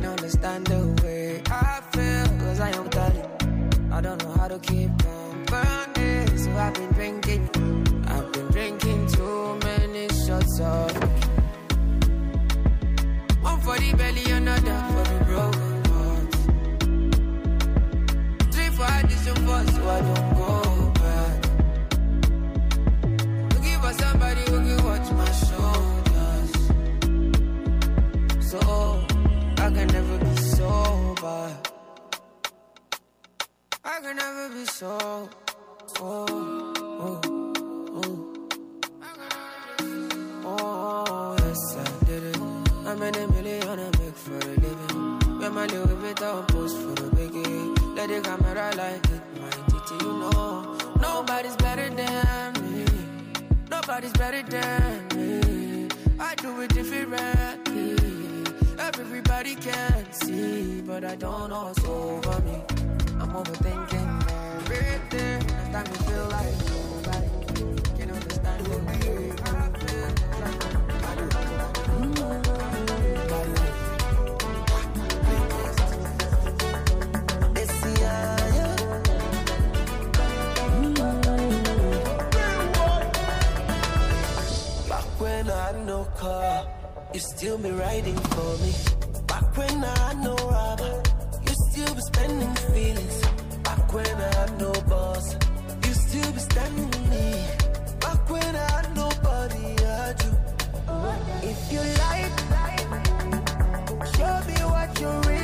can understand the way I feel. Cause I am darling. I don't know how to keep on burning. So I've been drinking. I've been drinking too many shots of. One for the belly, another for the broken heart. Three for addition four so I don't go back. Looking for somebody who can watch. I can never be so. Oh, oh, oh. Oh, yes, I did it. I'm in a million I make for a living. When my little bit i post for the biggie. Let the camera light it, my duty, you know. Nobody's better than me. Nobody's better than me. I do it differently. Everybody can see, but I don't know what's over me. I'm overthinking everything. Every time you feel like nobody can understand what I feel. When I had no car, you still be riding for me. Back when I had no rubber still be spending feelings. Back when I had no boss, you still be standing me. Back when I had nobody, I you. If you like, show me what you're.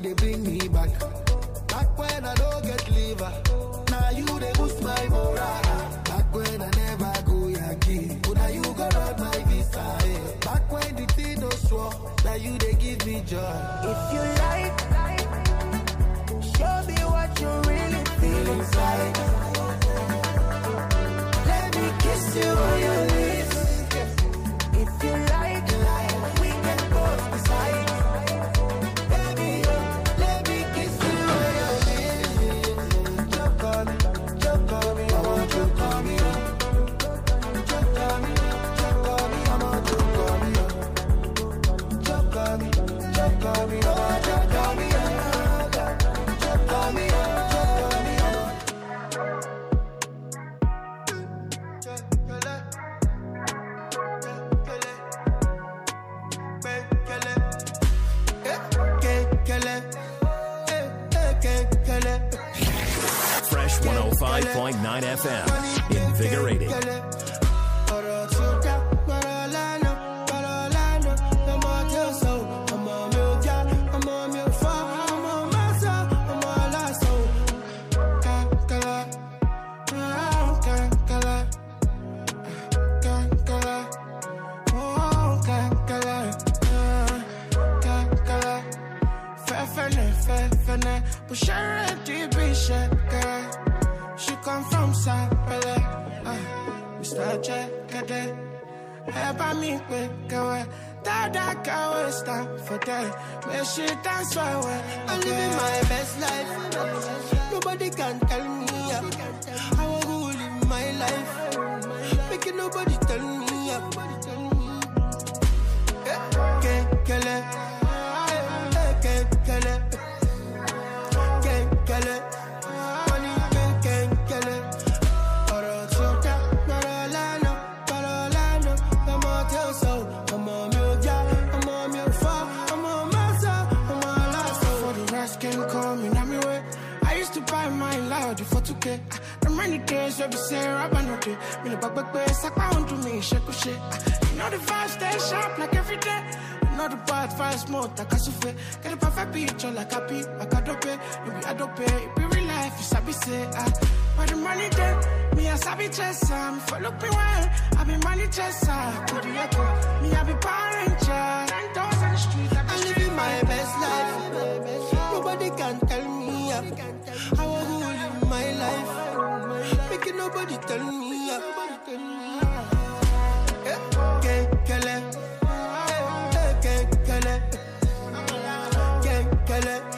they bring me back. Back when I don't get liver, now you they boost my morale. Back when I never go Yankee, but now you go run my visa. Eh. Back when the thing no swore, now you they give me joy. If you like, show me what you really feel inside. Let me kiss you on your okay. Make shit dance my way. I'm living my best life. Nobody can tell me. I want to live my life. Making nobody tell me. many days we be say rap another Me no back back bass, I found to me, shake a oh, shit You know the vibes stay sharp like every day You know the bad vibes more, like a souffle Get a perfect picture like a beat, like a dope No be a dope, it be real life, you sabi say ah. But the money there, me a sabi chesser ah. Me follow me well, I be money chesser Kudu echo, me a be power child 9,000 street, like I live my best life nobody tell me. Yeah. Nobody tell me. Can't kill it. Can't kill it. Can't kill it.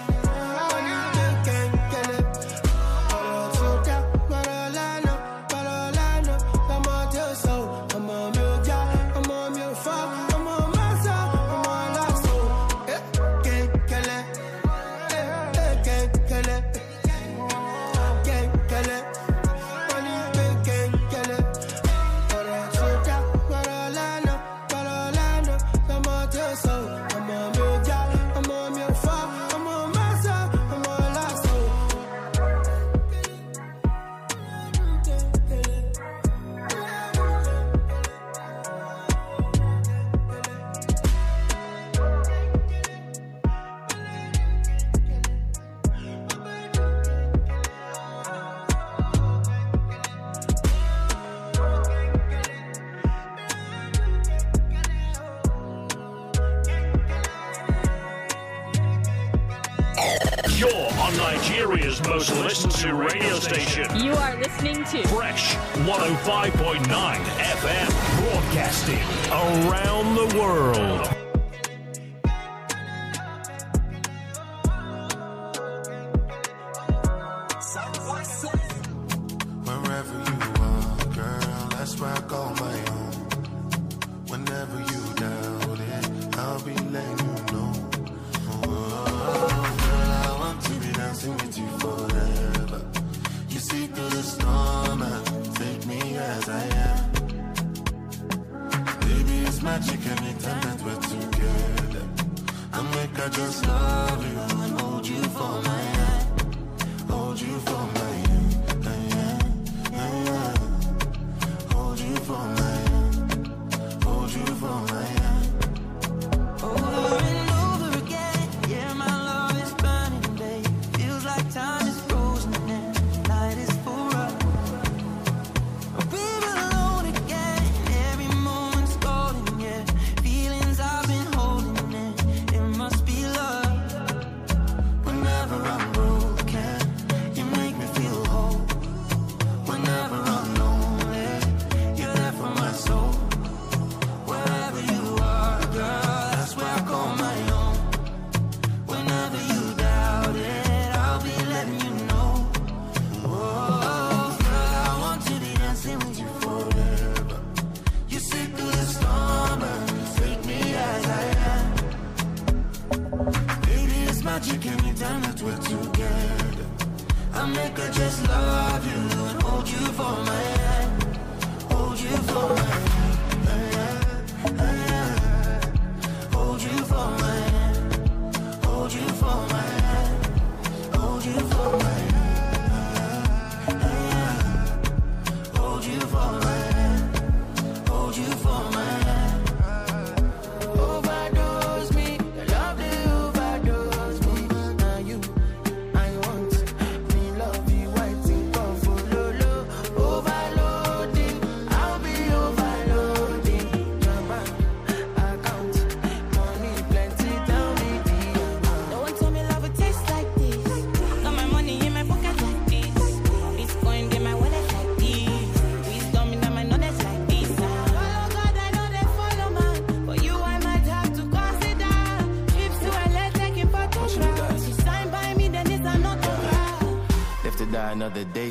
most listened to radio station. You are listening to Fresh 105.9 FM, broadcasting around the world.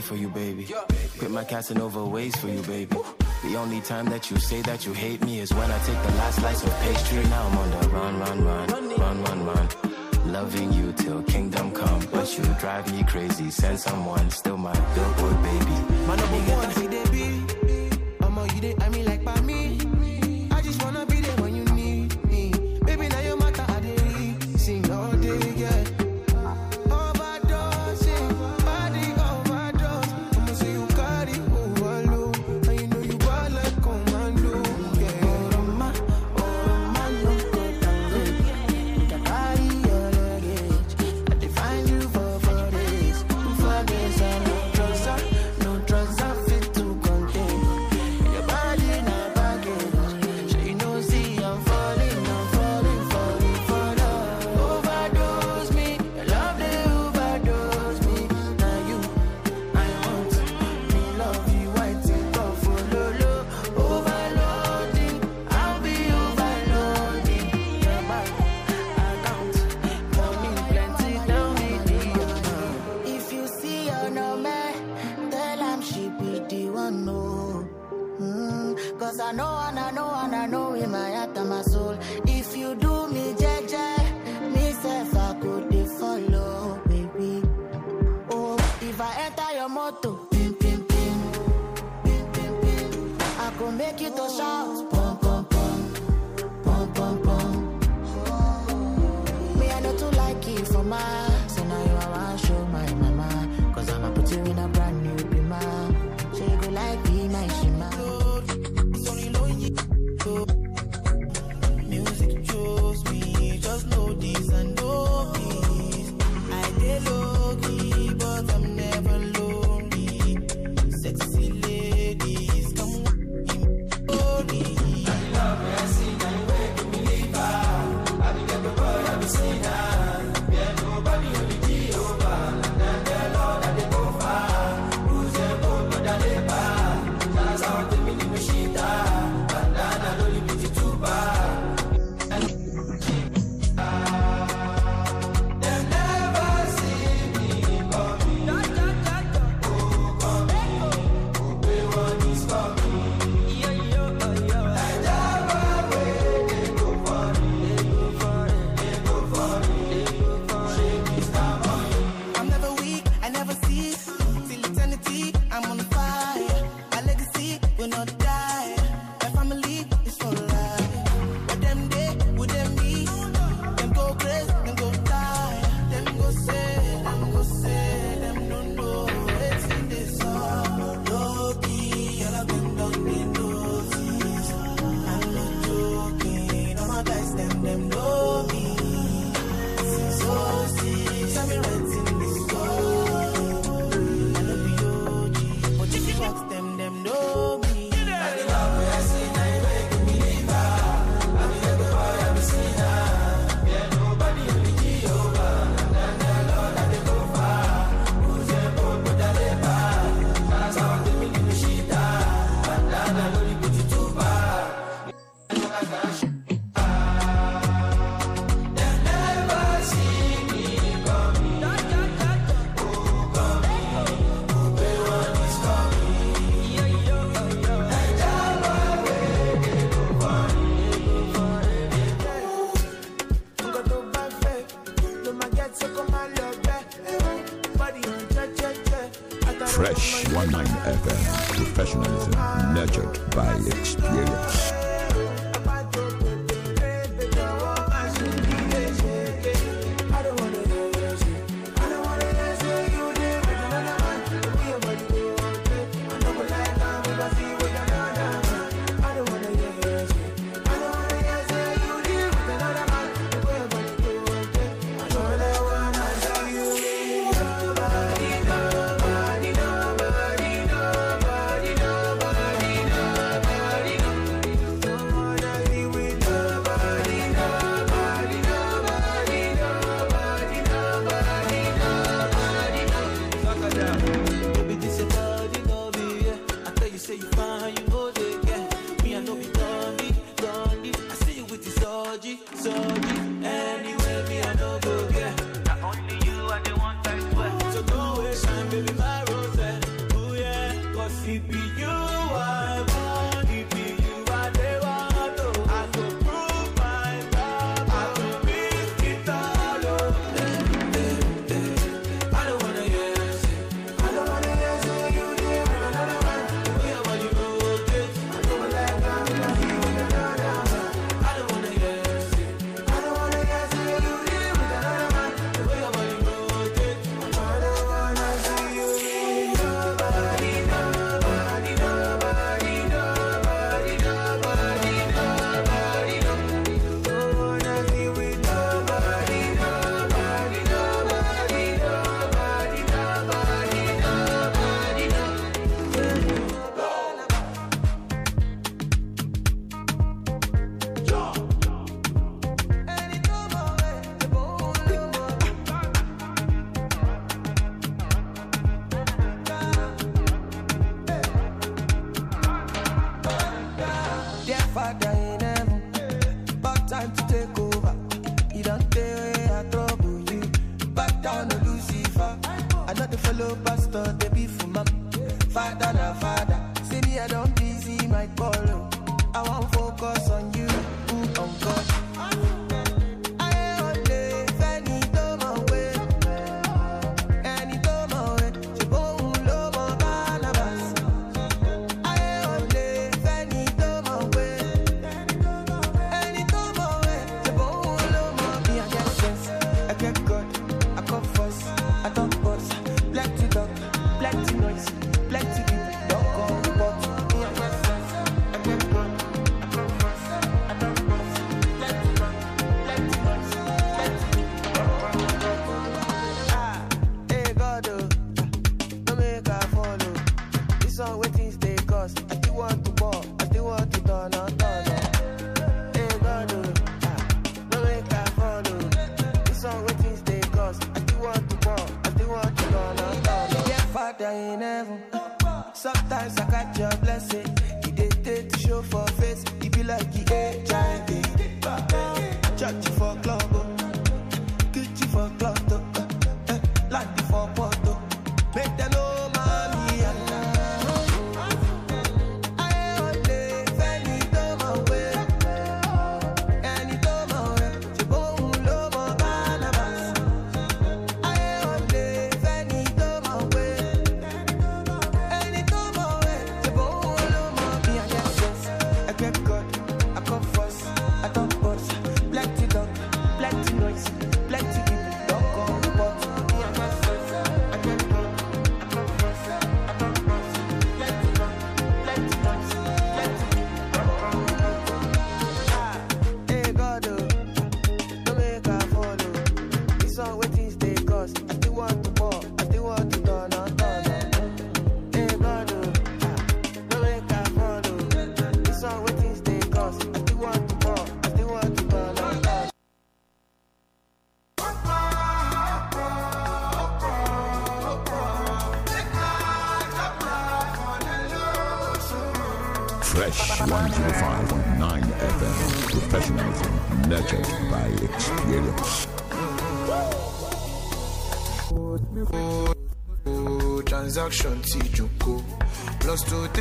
for you, baby. Quit my Casanova ways for you, baby. The only time that you say that you hate me is when I take the last slice of pastry. Now I'm on the run, run, run, run, run, run. Loving you till kingdom come, but you drive me crazy. Send someone, still my billboard, baby. My number one,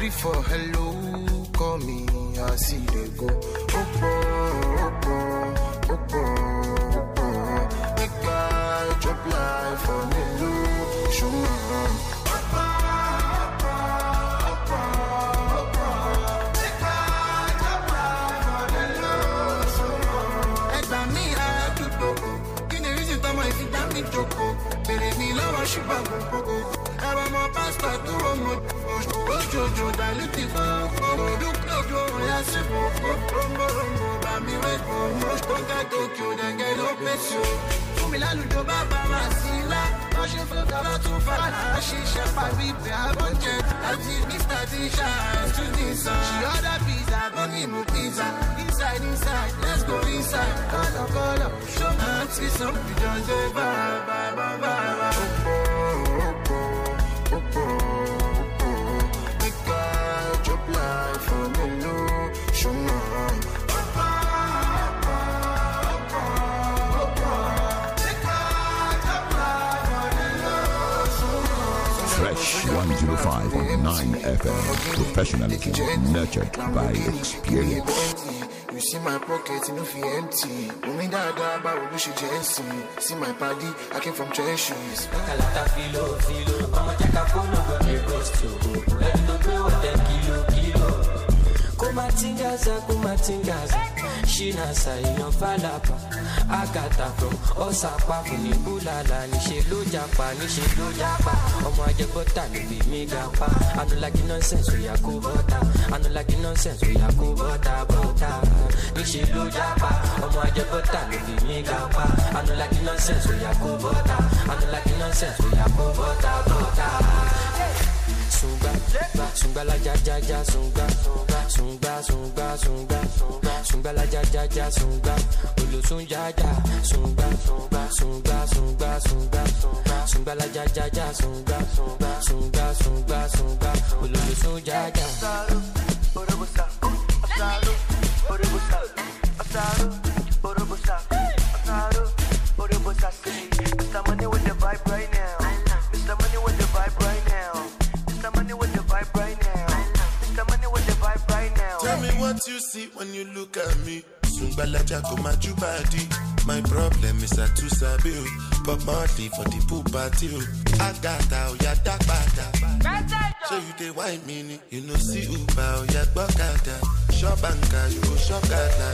three for hello, call me, I see they go. She share Paris, a budget. I see Mr. Dishan to this. She order pizza, money move pizza. Inside, inside, let's go inside. Call up, call up, show me auntie some pigeons. Bye, bye, bye, bye, bye. Nine FM. Professionalism nurtured by experience. You see my pocket, you know, empty. Only that báwo ló ṣe See my party, I came from trenches. Látàlátà filo filo, ọmọ jẹ́ka fóònù rosto ṣínà ṣàìyàn fàlàpà O ọ̀sàpá kò ní búlàlà níṣe ló japa níṣe ló japa ọmọ ni bi mi ga pa anulagi nonsense ya kó bọ́ta anulagi nonsense òyà kó bọ́ta bọ́ta níṣe ló japa ọmọ ni bi mi ga pa anulagi nonsense ya kó bọ́ta anulagi nonsense ya kó bọ́ta bọ́ta zumba, zumba la ja ja ja zumba, zumba zumba zumba, zumba la ja ja ja zumba, olùsùn ja ja zumba, zumba zumba zumba, zumba la ja ja ja zumba, zumba zumba zumba, olùsùn ja ja. Asado, Borobosa, Asado, Borobosa, say, Astamane with the vibe right what you see when you look at me. Sungbalaja go my jubadi. My problem is a 2 sabi But monthly for the pool party oh. I got out, ya dark bata So you dey white mini You know see uba, ya gbokada Shop and cash, go shop gada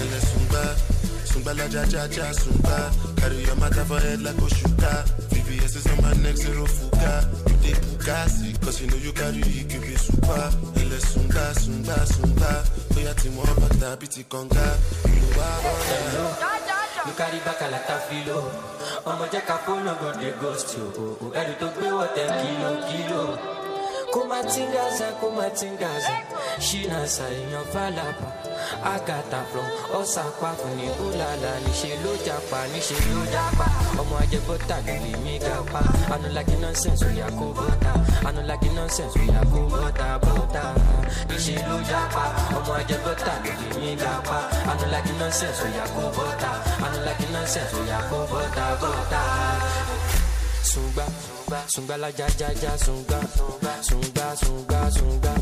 Ele sungba Sumba la ja ja ja sumba. Carry your matter for head like Oshuka. VVS is on my neck, zero fuka. You take Bugasi, cause you know you carry you give it super. Ele sumba, sumba, sumba. For your team, one bata, pity conga. You are on the You carry back a lot of filo. Ọmọ jẹ́ ká fóònù gòdè gòsì o. Ẹrù tó gbé wọ̀ tẹ̀ kìlọ̀ kìlọ̀ kumatsingaza kumatsingaza shina sayan falapa agata from ọsàpàfù ní búlàlà níṣẹ ló japa níṣẹ mi gapa anulaki nonsense oya kó bọta anulaki nonsense oya kó bọta bọta níṣẹ ló mi gapa anulaki nonsense oya kó bọta anulaki nonsense oya kó bọta bọta. sùgbà sunga sunga la ja ja ja sunga sunga sunga sunga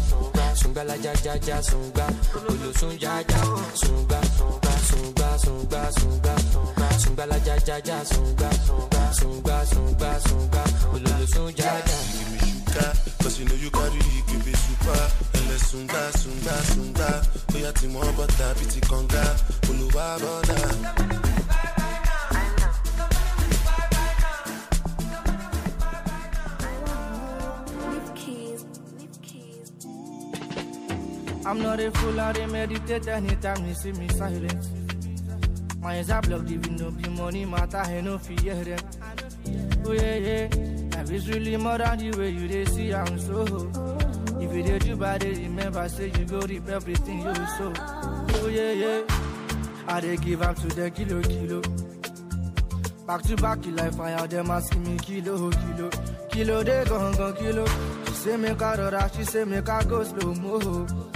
sunga la ja ja ja sunga olùsùn ja ja sunga sunga sunga sunga sunga la ja ja ja sunga sunga sunga sunga olùsùn ja ja. give me sugar cause you know you carry gbèbè super ẹlẹ sunga sunga sunga bóyá tí mo bọ́ta bíi ti kànga olùwà bọ́dà. I'm not a fool, I they meditate anytime you see me silent. My eyes are blocked, even though be money matter, I no fear them. Oh yeah, yeah, life is really more than the way you they see, I'm so. If you did you bad, remember, say you go rip everything you so. Oh yeah, yeah, I they give up to the kilo, kilo. Back to back, you like fire, them asking me kilo, kilo. Kilo, they go, go, kilo. She say me, car, she say me, car, go slow mo.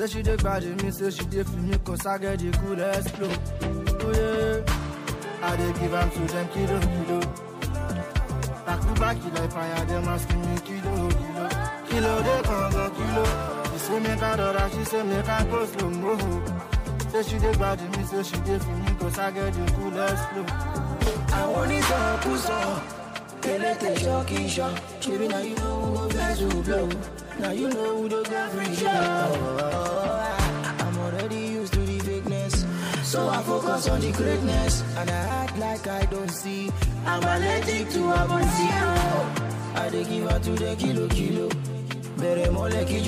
Say she dey grudge me, say she dey for me, cause I get the coolest flow. Oh yeah, I dey give am to them kilo kilo. Back to back, you like fire, them asking me kilo kilo. Kilo dey come go kilo. She say make I dora, she say make I go slow mo. Say she dey grudge me, say she dey for me, cause I get the coolest flow. I want it all, pull up. I'm already used to the bigness So I focus on the greatness. And I act like I don't see. I'm allergic to abonzio. I dey give up to the kilo kilo. Bẹ̀rẹ̀ mọ́lẹ̀ kí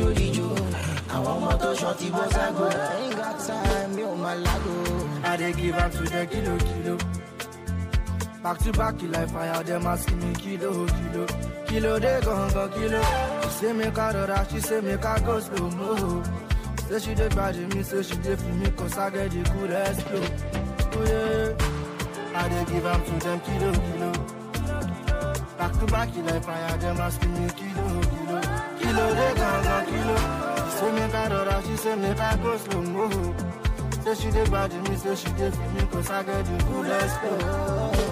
I want more tó ṣan ti I go. I ain't got time, mi ò máa lágo. I dey give up to the kilo kilo. Back to back, you like fire, them asking me kilo, kilo. Kilo, they gon' go kilo. She say me car rush, she say me car go slow mo. Say she dey body me, say she dey for me, cause I get the coolest flow. Oh yeah, I dey give am to them kilo, kilo. Back to back, you like fire, them asking me kilo, kilo. Kilo, they gon' go kilo. She say me car rush, she say me car go slow mo. Say she dey body me, say she dey for me, cause I get the coolest flow.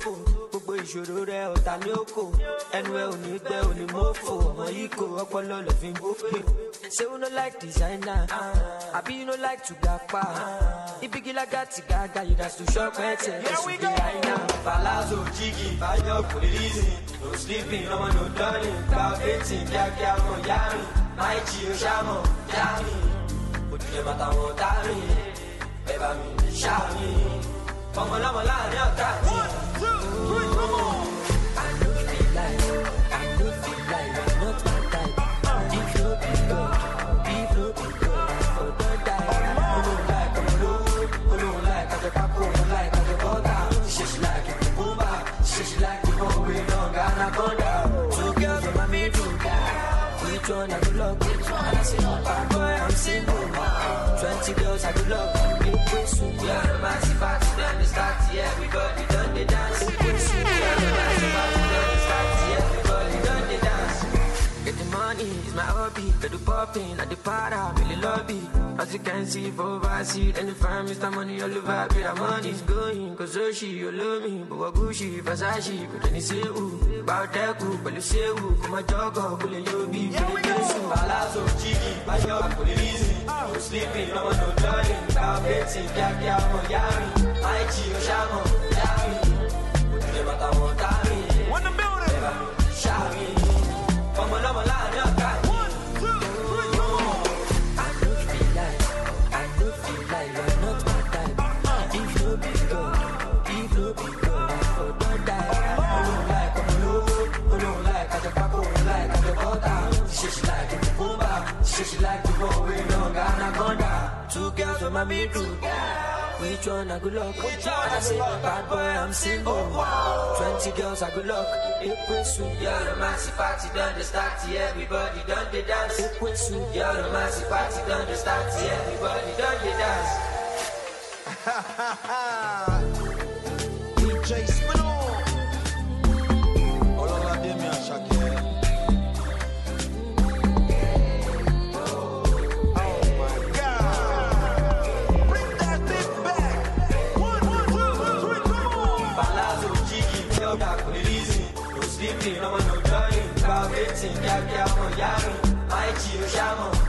lófo gbogbo ìṣòro rẹ ọ̀tá ní ẹnu ẹ ò ní gbẹ ò mọ́fò ọmọ yìí kò ọpọlọ lọ fi ń say you no like designer abi you no like to gba pa ibigilaga ti gaga you gats to shop ẹsùn bí àìná. palazzo jigi bayo kò no sleeping ọmọ no dọ́lì gba eighteen kíákíá mọ̀ yárìn máìkì oṣàmọ̀ yárìn òjìlẹ̀ bàtà wọn dárìn ẹ bá mi ṣáà mi ọmọ lọ́mọ láàrin ọ̀tá alone, I good luck. And I say, bad boy, I'm single. Twenty girls, I good love. We are the massive party, then we start. Yeah, we got we done the dance. We are the massive party, then we start. Yeah, we got we done the dance. Get the money, it's my hobby. Get the popping, at the para, really love it. As you can see, for overseas, and if I miss the money, all over, be the money's going. Cause so she, you love me, but what Gucci, Versace, but then you say, ooh ba dẹ́kun pẹ̀lú ṣéwù kò má jígì bájọ́ kò lè rízì kò sílípì lọ́mọ tó dọ́ọ̀lì gba bẹ́ẹ̀tì kíákíá mọ̀ yá mi máìkì ọ̀ṣàmọ̀ yá mi òjòjì she like to boomba. say she like to roll with no Ghana conga. Two girls on my bedroom. Which one I good luck? Which one I say, bad boy, I'm single. Oh, wow. 20 girls, I good luck. April soon. You're the massive party, done the start to everybody, done the dance. April soon. You're the massive party, done the start to everybody, done the dance. Ha ha ha! 来一起游山玩。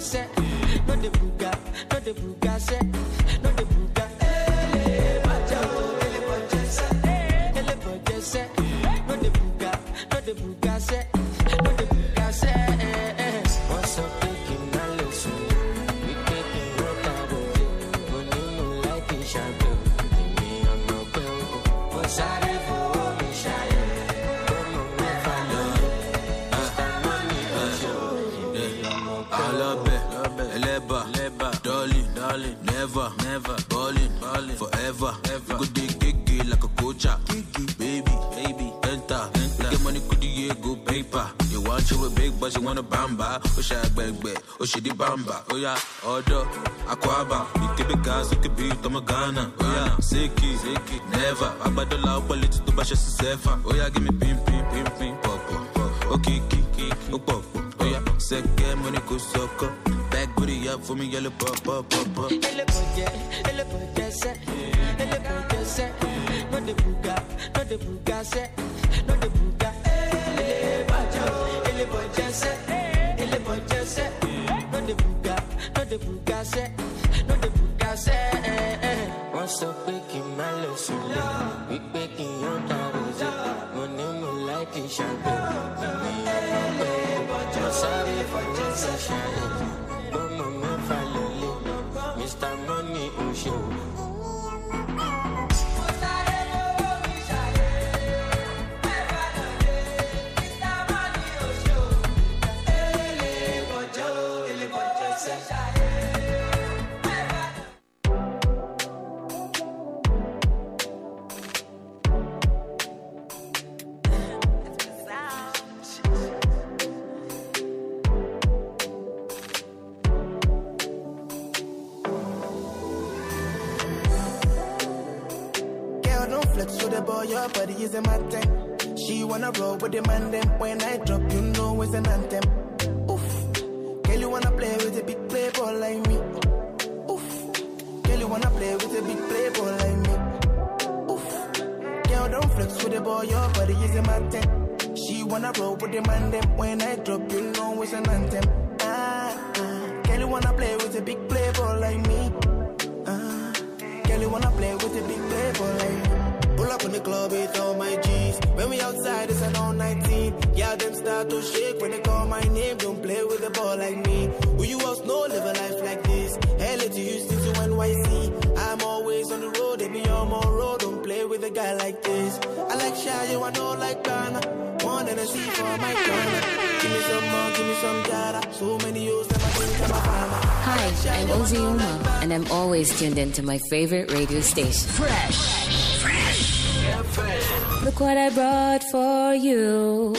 say, not the no not the booga say. cause you wanna bamba. oh she beg, beg, oh she di bamba. Oh yeah, odo, akwaba. Ikebe gas, ikebi tomo Ghana. Oh yeah, seki, seki, never. I Agbadola opaliti to bashe sisefa. Oh yeah, give me pim pim pim pim pop pop. Okiki, okpopo. Oh yeah, seke money ko soko. Back booty up for me, yellow pop pop pop pop. Ele boje, ele boje se, ele boje se. No de buga, no de buga se. jesse, ele bon jesse. No de buga, no de buga se, no de buga se. Wọ́n sọ pé kí n má lọ sílẹ̀, wípé kí n yóò dá rosé. Mo ní mo láìkí ṣàgbé, mi ò mọ̀ pé mo sáré fún mi ṣe ṣàlẹ̀. Gbọ́mọ̀ mẹ́fà lọ́lẹ̀, Mr. Money ò ṣe wò. Body is a matter. She wanna roll with the man, then when I drop, you know it's an anthem. Oof. Girl, you wanna play with a big playboy like me. Oof. Girl, you wanna play with a big playboy like me. Oof. Girl, don't flex with the boy, your body is a matter. She wanna roll with the man, then when I drop, you know it's an anthem. Ah, ah. Girl, you wanna play with a big playboy like me. Ah. Girl, you wanna play with a big playboy like me. Pull up in the club with all my G's. When we outside, it's an all 19. Yeah, them start to shake when they call my name. Don't play with ball like me. Who you else know live a life like this? Hell, Houston to NYC. I'm always on the road, they be on my road. Don't play with a guy like this. I like I know like One and a C for my Give me some more, give me some data. So many that think I'm a Hi, I'm Oziuma, and I'm always tuned into my favorite radio station. Fresh. Look what I brought for you.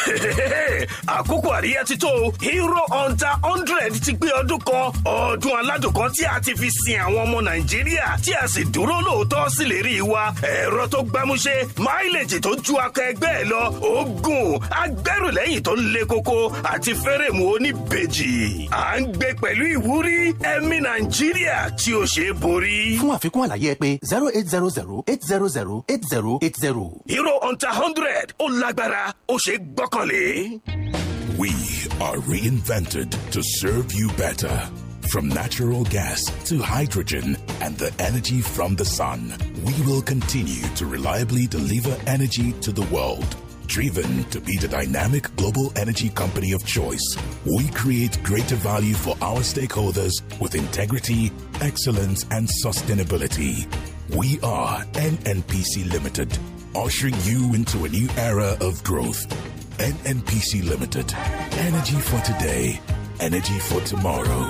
àkókò àríyá ti hero hunter hundred ti gbé ọdún kan ọdún aládùn kan tí a ti fi sin àwọn ọmọ nàìjíríà tí a sì dúró lóòótọ́ sí lè rí i wa ẹ̀rọ tó gbámúṣé máìlèjì tó ju akọ ẹgbẹ́ ẹ lọ oògùn agbẹrùlẹ́yìn tó ń le koko àti fẹ́rẹ̀mù oníbejì à ń gbé pẹ̀lú ìwúrí ẹ̀mí nàìjíríà tí o ṣe é borí. fún àfikún àlàyé ẹ pé zero eight zero zero eight zero zero eight zero eight zero. hero hunter hundred ó lágbára ó ṣe é gbọ́ broccoli. We are reinvented to serve you better. From natural gas to hydrogen and the energy from the sun, we will continue to reliably deliver energy to the world. Driven to be the dynamic global energy company of choice, we create greater value for our stakeholders with integrity, excellence, and sustainability. We are NNPC Limited, ushering you into a new era of growth NNPC Limited. Energy for today, energy for tomorrow.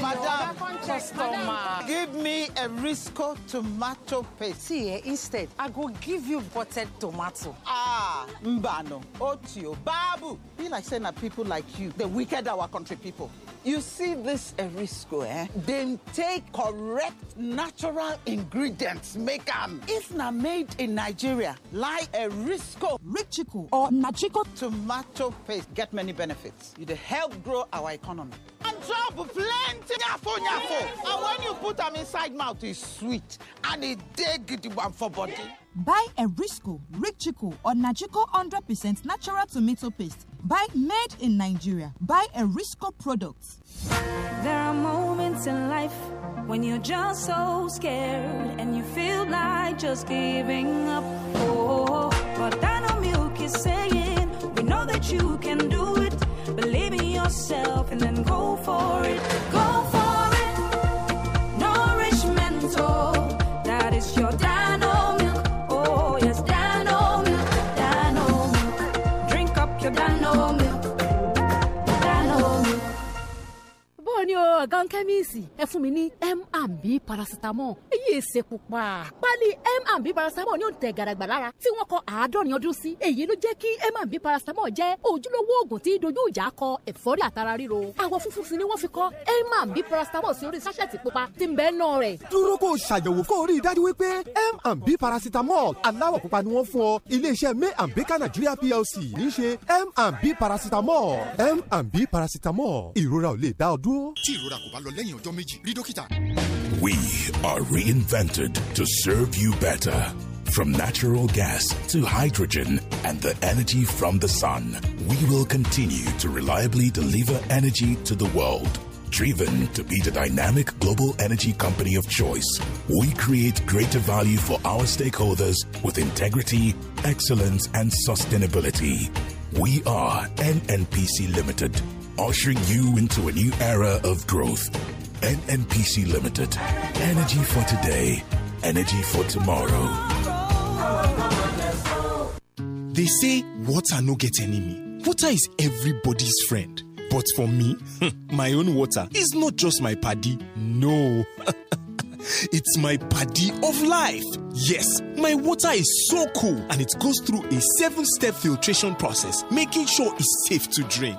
Madam, give me a Risco tomato paste. See, eh, instead, I go give you buttered tomato. Ah, mbano, otio, babu. Be like saying that people like you, the wicked our country people. You see this erisco, eh? They take correct natural ingredients, make them. If not made in Nigeria, like erisco, richiku, or nachiko tomato paste, get many benefits. It help grow our economy. And job plenty, nyafo, nyafo. And when you put them inside mouth, it's sweet. And it dig the one for body. Buy a Risco, Richico, or Najiko 100% natural tomato paste Buy made in Nigeria. Buy a Erisco products. There are moments in life when you're just so scared and you feel like just giving up. Oh, but Dino Milk is saying, we know that you can do it. Believe in yourself and then go for it. Go for it. o ọ̀gá kẹ́míìsì ẹ fún mi ní m and b paracetamol èyí èsè pupa pálí m and b paracetamol ní òǹtẹ̀ gàràgbà lára tí wọ́n kọ àádọ́rin ọdún sí èyí ló jẹ́ kí m and b paracetamol jẹ́ ojúlówó oògùn tí dojú ìjà kọ ẹ̀fọ́rí àtara ríro àwọ̀ funfun sí ni wọ́n fi kọ m and b paracetamol sí orí sáṣẹ̀tì pupa tí ń bẹ́ẹ̀ náà rẹ̀. dúró kó o ṣàyẹ̀wò kó o rí i dájú wípé m and b paracetamol aláwọ̀ pupa ni wọ́n fún ọ iléeṣẹ́ may and baker nigeria plc ní í ṣe m and b paracetamol m and b paracetamol ìrora ò lè dá ọ dúró. tí ìrora kò bá lọ lẹ́yìn ọjọ́ méjì rí dókítà. We are reinvented to serve you better. From natural gas to hydrogen and the energy from the sun, we will continue to reliably deliver energy to the world. Driven to be the dynamic global energy company of choice, we create greater value for our stakeholders with integrity, excellence, and sustainability. We are NNPC Limited ushering you into a new era of growth. NNPC Limited. Energy for today, energy for tomorrow. They say water no get enemy. Water is everybody's friend. But for me, my own water is not just my paddy. No. It's my paddy of life. Yes, my water is so cool and it goes through a seven step filtration process, making sure it's safe to drink.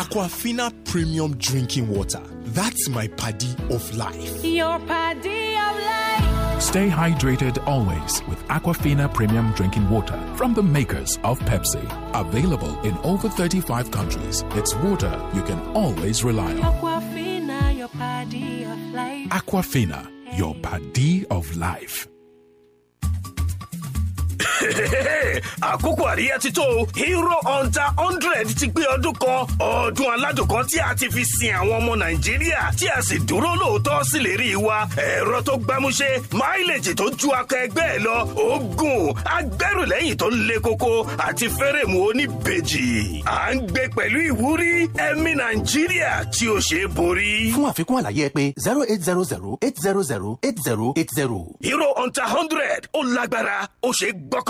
Aquafina Premium Drinking Water. That's my paddy of life. Your paddy of life. Stay hydrated always with Aquafina Premium Drinking Water from the makers of Pepsi. Available in over 35 countries, it's water you can always rely on. Aquafina, your paddy of life. Aquafina, your paddy of life. àkókò àríyá ti tó hero hunter hundred ti gbé ọdún kan ọdún aládùn kan tí a ti fi sin àwọn ọmọ nàìjíríà tí a sì dúró lóòótọ́ sílérí wa ẹ̀rọ tó gbámúṣé máìlèjì tó ju akọ ẹgbẹ́ ẹ lọ oògùn agbẹ́rùlẹ́yìn tó ń le koko àti fẹ́rẹ̀mù oníbejì à ń gbé pẹ̀lú ìwúrí ẹ̀mí nàìjíríà tí ó ṣe borí. fún àfikún àlàyé ẹ pé zero eight zero zero eight zero zero eight zero eight zero. hero hunter hundred ó lágbára ó ṣe gbọ́k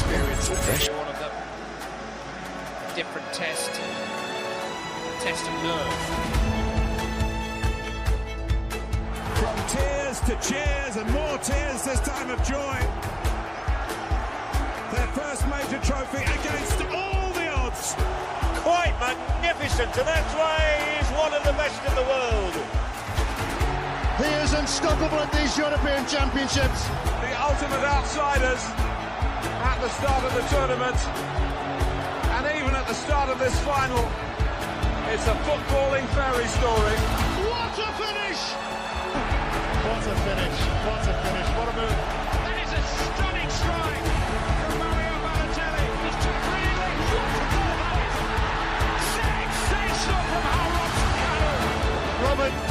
experience already. One of them, a different test, a test of nerve. From tears to cheers and more tears this time of joy. Their first major trophy against all the odds. Quite magnificent, and that's why he's one of the best in the world. He is unstoppable at these European Championships. The ultimate outsiders at the start of the tournament. And even at the start of this final, it's a footballing fairy story. What a finish! What a finish, what a finish, what a move. That is a stunning strike from Mario Balotelli. It's really, what a goal that is. Sensational from Harold Robert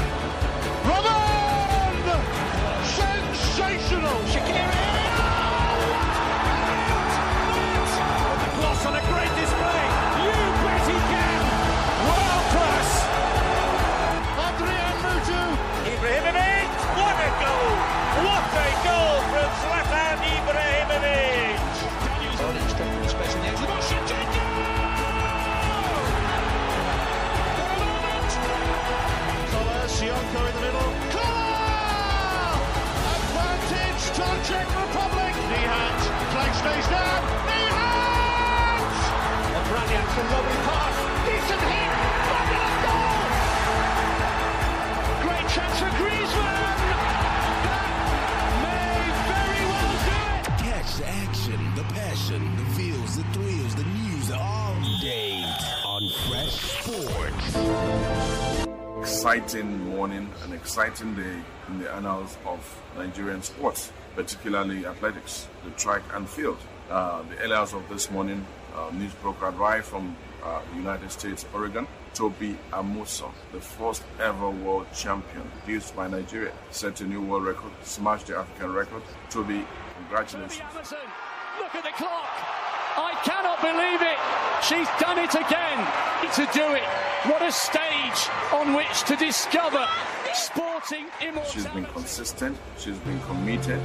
to the Czech Republic. flag stays down. A brilliant, Decent hit. Fabulous goal! Great chance for Griezmann. That may very well do it. Catch the action, the passion, the feels, the thrills, the news all day on Fresh Sports exciting morning, an exciting day in the annals of Nigerian sports particularly athletics, the track and field. Uh, the earlier of this morning, uh, news broke right from uh, United States, Oregon. Toby Amuso, the first ever world champion produced by Nigeria, set a new world record, smashed the African record. Toby, congratulations. Toby look at the clock. I cannot believe it. She's done it again. To do it. What a stage on which to discover Sporting immortality. She's been consistent, she's been committed.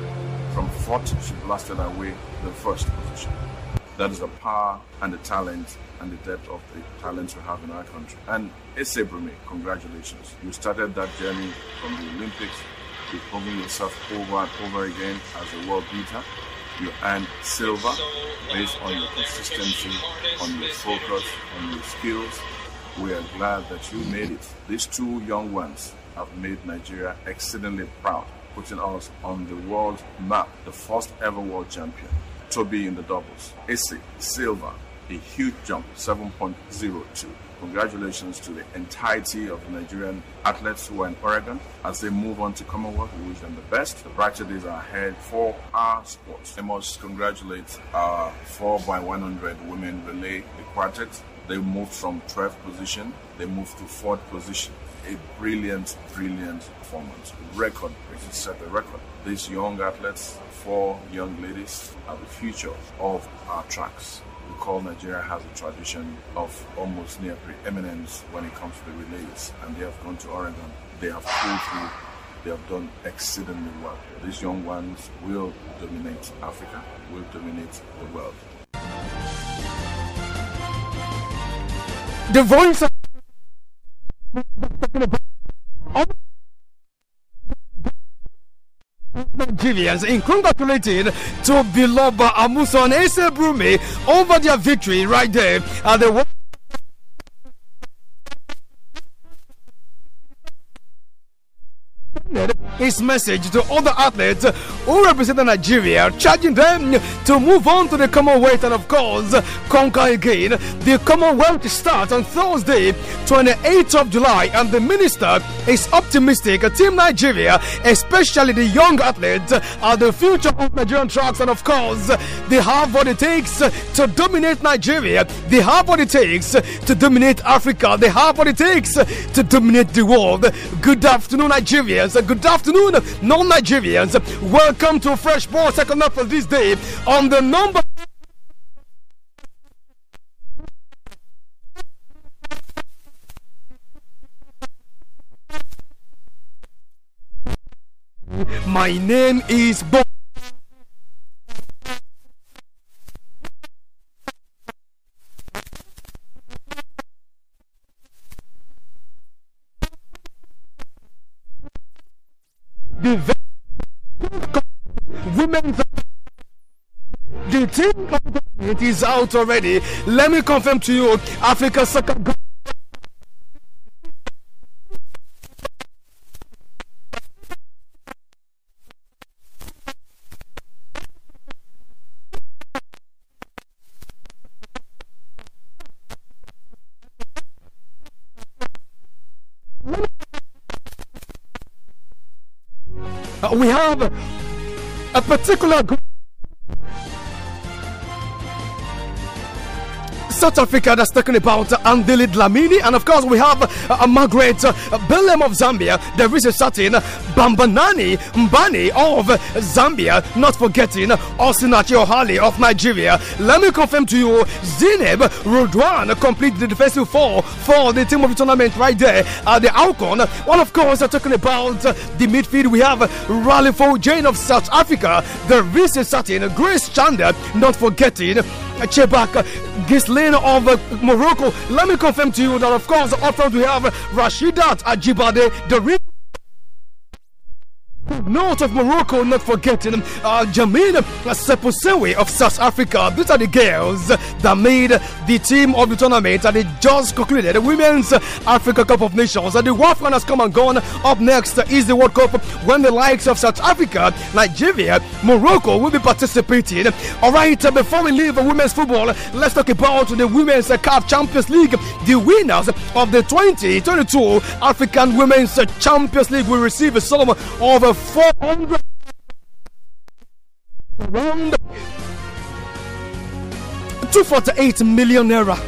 From fourth, she blasted away the first position. That is the power and the talent and the depth of the talents we have in our country. And Issei Brume, congratulations. You started that journey from the Olympics. You've proven yourself over and over again as a world beater. You earned silver based on your consistency, on your focus, on your skills. We are glad that you made it. These two young ones have made Nigeria exceedingly proud, putting us on the world map, the first ever world champion. Toby in the doubles, Issy, silver, a huge jump, 7.02. Congratulations to the entirety of the Nigerian athletes who are in Oregon. As they move on to Commonwealth, we wish them the best. The brighter days are ahead for our sports. I must congratulate our 4x100 women relay, the quartet. They moved from 12th position, they moved to 4th position a brilliant, brilliant performance. Record, can set a record. These young athletes, four young ladies, are the future of our tracks. We call Nigeria has a tradition of almost near preeminence when it comes to the relays, and they have gone to Oregon. They have pulled through. They have done exceedingly well. These young ones will dominate Africa, will dominate the world. The voice of Nigerians, in congratulating to Biloba Amuson Ace Brumi over their victory right there at the his message to other athletes who represent Nigeria, charging them to move on to the Commonwealth and, of course, conquer again. The Commonwealth starts on Thursday, 28th of July, and the minister is optimistic. Team Nigeria, especially the young athletes, are the future of Nigerian tracks, and, of course, they have what it takes to dominate Nigeria. They have what it takes to dominate Africa. They have what it takes to dominate the world. Good afternoon, Nigerians. Good afternoon afternoon, non Nigerians. Welcome to Fresh Ball second half of this day on the number. My name is Bob. out already. Let me confirm to you Africa Soccer. Uh, we have a particular group South Africa that's talking about Andili Dlamini. And of course, we have uh, Margaret uh, Billem of Zambia. There is a certain Bambanani Mbani of Zambia. Not forgetting Osinachi Ohali of Nigeria. Let me confirm to you, Zineb Rodwan completed the defensive four for the team of the tournament right there at the Alcon. Well, of course, uh, talking about the midfield, we have Ralifo Jane of South Africa. There is a certain Grace Chanda. Not forgetting Chebak uh, Ghislaine of uh, Morocco. Let me confirm to you that, of course, up front we have Rashidat Ajibade, the north of Morocco, not forgetting uh, Jamina Sepusewi of South Africa. These are the girls that made the team of the tournament and they just concluded the Women's Africa Cup of Nations. And the World Cup has come and gone. Up next is the World Cup when the likes of South Africa, Nigeria, Morocco will be participating. All right, uh, before we leave women's football, let's talk about the Women's Cup Champions League. The winners of the 2022 African Women's Champions League will receive a sum of 400 around 248 million naira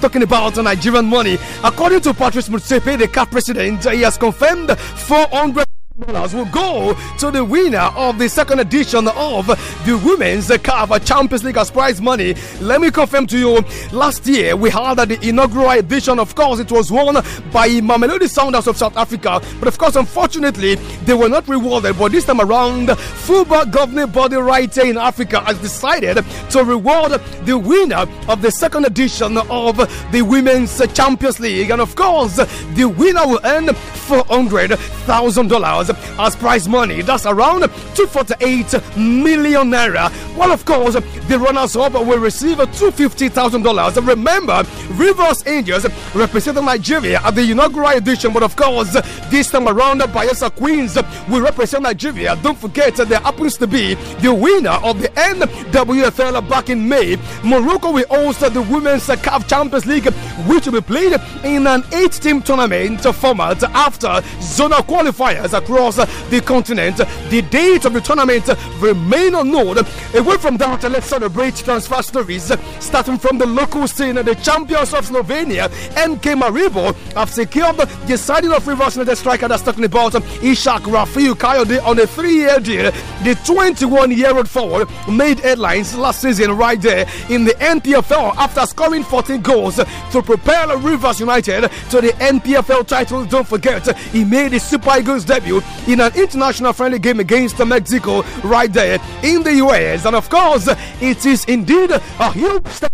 talking about Nigerian money. According to Patrice Mutsepe, the CAP president, he has confirmed 400 dollars will go to the winner of the second edition of the Women's Cup Champions League as prize money. Let me confirm to you, last year we had the inaugural edition. Of course, it was won by Mamelodi Sounders of South Africa, but of course, unfortunately, they were not rewarded. But this time around, FUBA governing body right here in Africa has decided to reward the winner of the second edition of the Women's Champions League, and of course, the winner will earn four hundred thousand dollars as prize money. That's around 248 million naira. Well, of course, the runners up will receive $250,000. Remember, Rivers Angels representing Nigeria at the inaugural edition, but of course, this time around, Bayelsa Queens will represent Nigeria. Don't forget, there happens to be the winner of the NWFL back in May. Morocco will host the Women's Cup Champions League, which will be played in an eight team tournament format after zonal qualifiers across across the continent. The date of the tournament remain unknown. Away from that, let's celebrate transfer stories. Starting from the local scene, the champions of Slovenia, NK Maribo, have secured the signing of Rivers United striker that's talking about Ishak Rafiu Kayode on a three-year deal. The 21-year-old forward made headlines last season right there in the NPFL after scoring 14 goals to propel Rivers United to the NPFL title. Don't forget, he made his Super Eagles debut in an international friendly game against Mexico right there in the US. And of course, it is indeed a huge step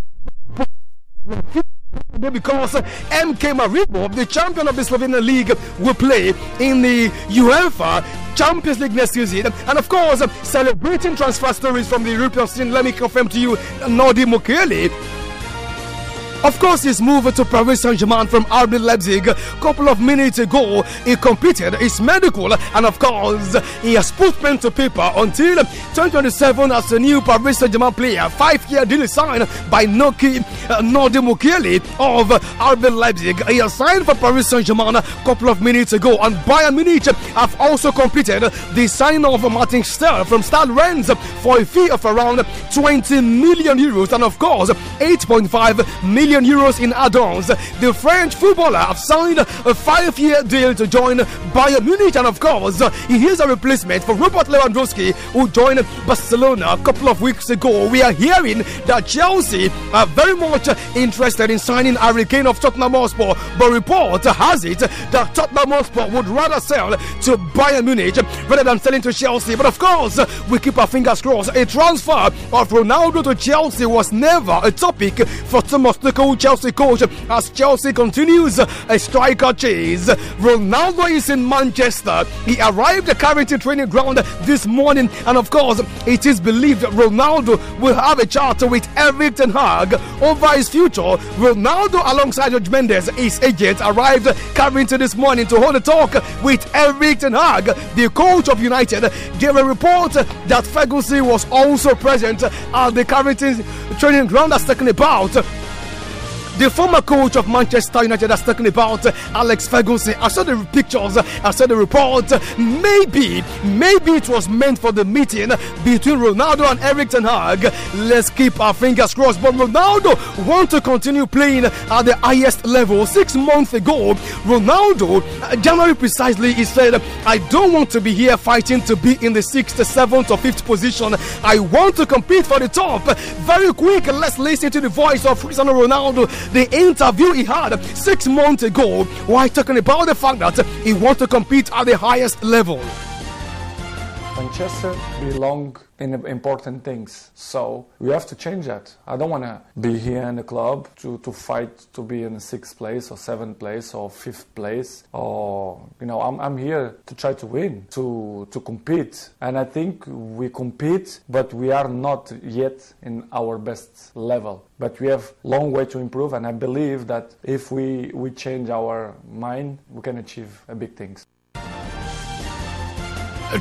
because MK Maribor, the champion of the Slovenian league, will play in the UEFA Champions League next season. And of course, celebrating transfer stories from the European scene, let me confirm to you, Nadi Mukeli of course, his move to Paris Saint Germain from RB Leipzig a couple of minutes ago, he completed his medical and, of course, he has put pen to paper until 2027 as a new Paris Saint Germain player. Five year deal signed by Noki uh, Mukeli of RB Leipzig. He has signed for Paris Saint Germain a couple of minutes ago, and Bayern Munich have also completed the signing of Martin Sterr from Stade Rennes for a fee of around 20 million euros and, of course, 8.5 million million euros in add-ons. The French footballer have signed a five-year deal to join Bayern Munich, and of course, he is a replacement for Robert Lewandowski, who joined Barcelona a couple of weeks ago. We are hearing that Chelsea are very much interested in signing Harry Kane of Tottenham Hotspur, but report has it that Tottenham Hotspur would rather sell to Bayern Munich rather than selling to Chelsea. But of course, we keep our fingers crossed. A transfer of Ronaldo to Chelsea was never a topic for Thomas Tuchel cool Chelsea coach as Chelsea continues a striker chase. Ronaldo is in Manchester. He arrived at Carrington training ground this morning, and of course, it is believed Ronaldo will have a chat with Eric Ten Hag over his future. Ronaldo, alongside George Mendes, his agent, arrived Carrington this morning to hold a talk with Eric Ten Hag, the coach of United. Gave a report that Ferguson was also present at the Carrington training ground that's talking about the former coach of Manchester United has talking about uh, Alex Ferguson. I saw the pictures, uh, I saw the report. Maybe, maybe it was meant for the meeting between Ronaldo and Eric Ten Hag. Let's keep our fingers crossed. But Ronaldo want to continue playing at the highest level. Six months ago, Ronaldo, uh, January precisely, he said, I don't want to be here fighting to be in the sixth, seventh, or fifth position. I want to compete for the top. Very quick, let's listen to the voice of Cristiano Ronaldo the interview he had six months ago while talking about the fact that he wants to compete at the highest level. Manchester belong in important things. So we have to change that. I don't want to be here in the club to, to fight to be in sixth place or seventh place or fifth place. Or, you know, I'm, I'm here to try to win, to, to compete. And I think we compete, but we are not yet in our best level. But we have long way to improve. And I believe that if we, we change our mind, we can achieve big things.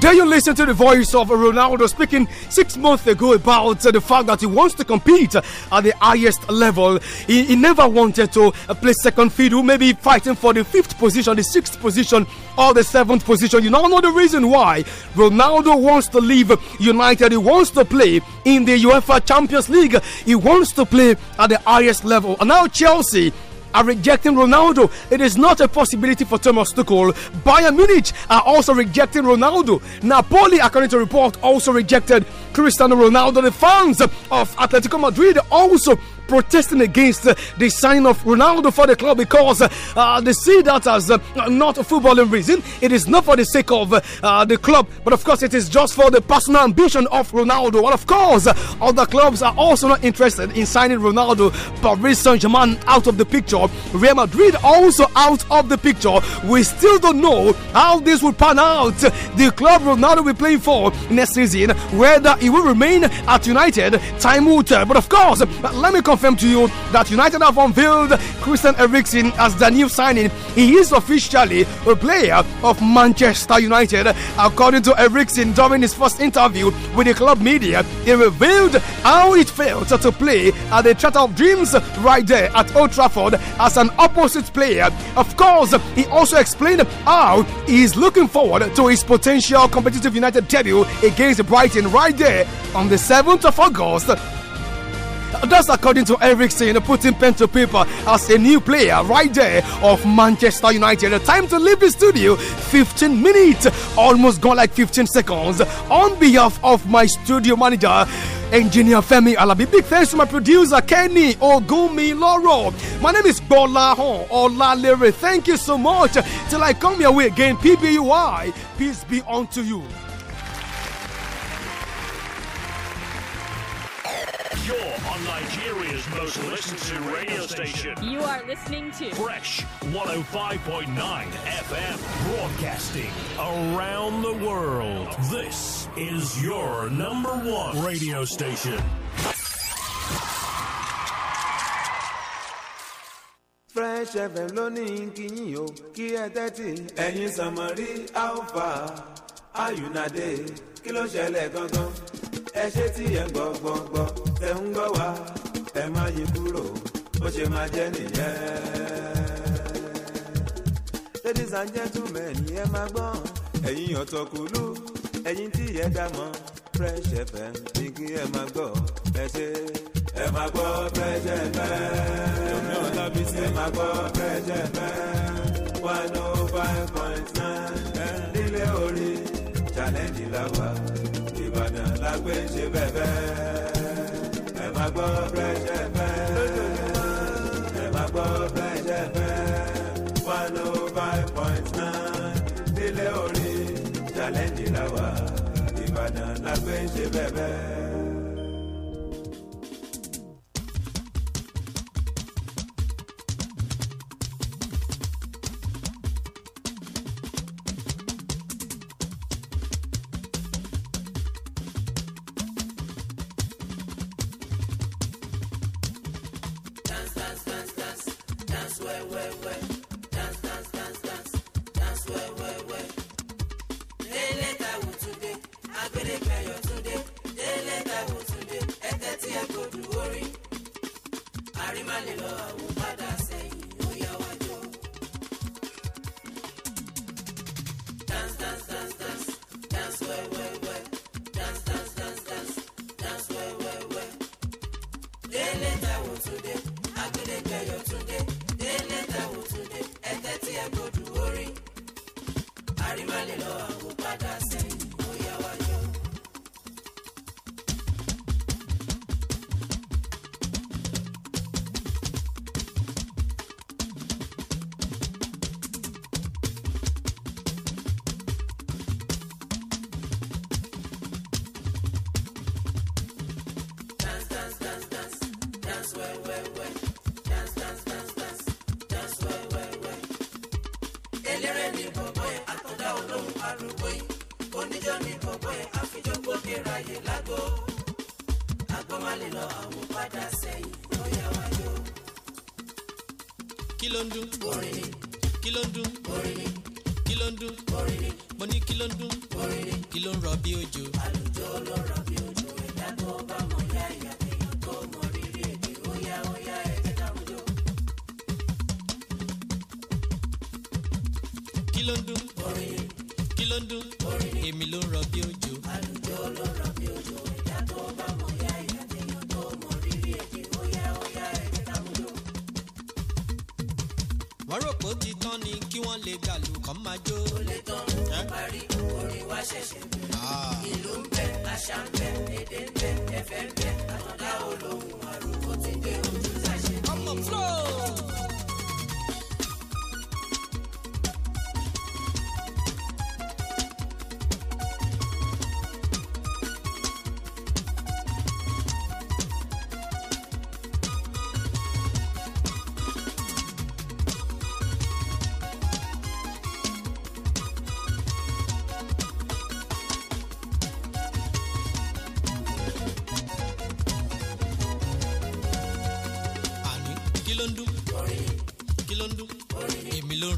Did you listen to the voice of Ronaldo speaking six months ago about the fact that he wants to compete at the highest level. He, he never wanted to uh, play second fiddle, maybe fighting for the fifth position, the sixth position, or the seventh position. You now know the reason why. Ronaldo wants to leave United. He wants to play in the UEFA Champions League. He wants to play at the highest level. And now Chelsea are rejecting Ronaldo. It is not a possibility for Thomas Tuchel. Bayern Munich are also rejecting Ronaldo. Napoli, according to report, also rejected Cristiano Ronaldo. The fans of Atletico Madrid also protesting against uh, the signing of Ronaldo for the club because uh, uh, they see that as not a footballing reason. It is not for the sake of the club, but of course, it is just for the personal ambition of Ronaldo. And of course, other clubs are also not interested in signing Ronaldo. Paris Saint Germain out of the picture, Real Madrid also out of the picture. We still don't know how this will pan out. The club Ronaldo will playing for next season, whether he will remain at United, time will tell. But of course, let me confirm confirmed to you that United have unveiled Christian Eriksen as their new signing. He is officially a player of Manchester United. According to Eriksen, during his first interview with the club media, he revealed how it felt to play at the Theatre of Dreams right there at Old Trafford as an opposite player. Of course, he also explained how he is looking forward to his potential competitive United debut against Brighton right there on the 7th of August just according to Ericsson putting pen to paper as a new player right there of Manchester United. The time to leave the studio 15 minutes, almost gone like 15 seconds. On behalf of my studio manager, engineer Femi Alabi. Big thanks to my producer Kenny Ogumi Loro. My name is Bola Hon Olalere. Thank you so much. Till I come your way again, PBUI. Peace be unto you. You're on Nigeria's most listened to radio station. You are listening to Fresh 105.9 FM broadcasting around the world. This is your number one radio station. Fresh FM lónìí kìyìn o kí ẹ tẹ́tì. ẹ̀yin sànmọ́ rí alpha ayùnádé kí ló ṣẹlẹ̀ gangan. ẹ ṣe tí ẹ ń gbọ́ gbọ́ gbọ́ ẹ ń gbọ́ wá ẹ má yí kúrò bó ṣe máa jẹ́ nìyẹn. ladies and gentlemen ẹ máa gbọ́ ẹ̀yin ọ̀tọ̀kùlú ẹ̀yin tí ẹ dá mọ́ fresh fm ní kí ẹ máa gbọ́ ẹ ṣe ẹ máa gbọ́ fresh fm ẹ máa gbọ́ fresh fm one oh five point nine nílé orí challenge la ìbàdàn lágbé ṣe bẹ̀bẹ̀ ẹ má gbọ́ fresh fm ẹ má gbọ́ fresh fm one oh five point nine délé orí challenge la wà ìbàdàn lágbé ṣe bẹ̀bẹ̀.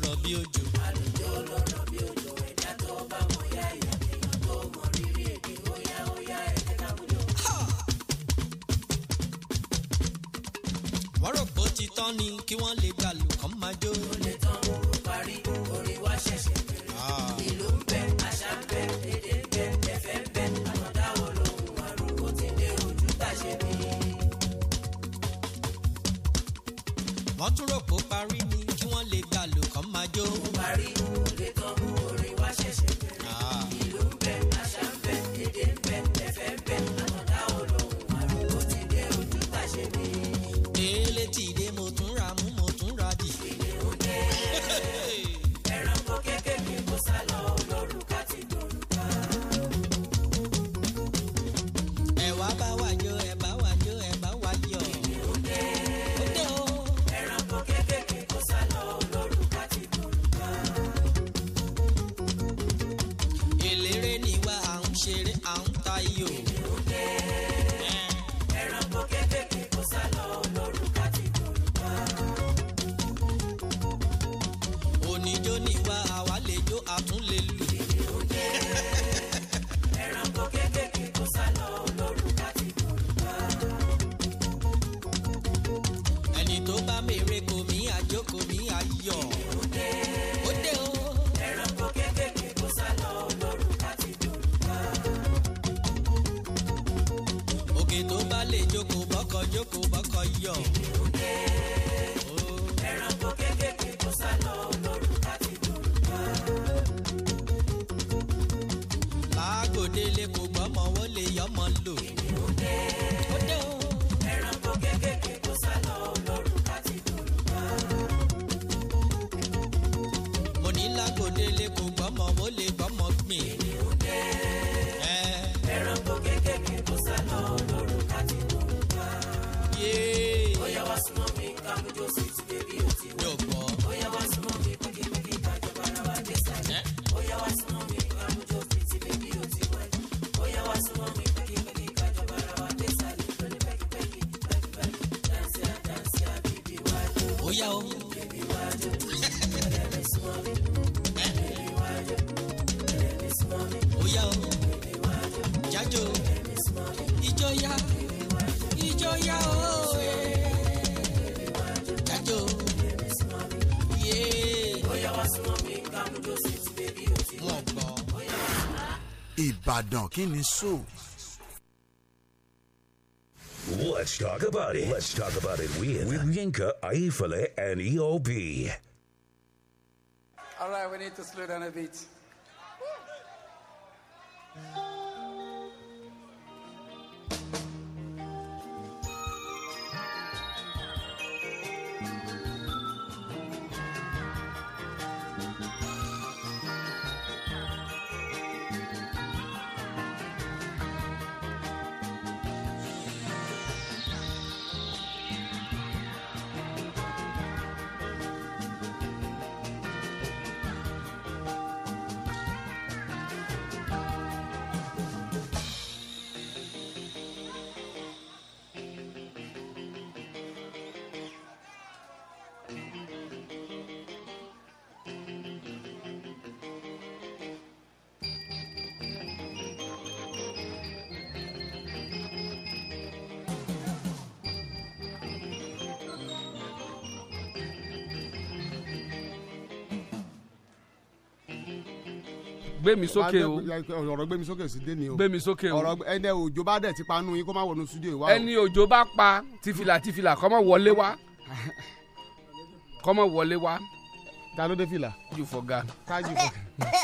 rọ̀ bí òjò. àlùjọ ló rọ̀ bí òjò ẹ̀dá tó bá mọ̀ yá ìyá èèyàn tó mọ̀ rírì èdè ó yá ó yá ẹ̀jẹ̀ láwùjọ. wọ́n rò pé ó ti tán ni kí wọ́n lè gbàlù kàn máa jó. Ìbàdàn kí ni so. Let's talk about it. Let's talk about it with, with Yinka, Aifale, and EOB. All right, we need to slow down a bit. gbẹmí sókè o ọ̀rọ̀ gbẹmí sókè sí dé ni o gbẹmí sókè o ọ̀rọ̀ ẹni òjò bá dẹ̀ ti pa nù yín kó má wọnú studio wa o ẹni òjò bá pa tìfìlà tìfìlà kọ́mọ wọlé wa kọ́mọ wọlé wa. ta ló dé fìlà. kájú fọgá. kájú eh,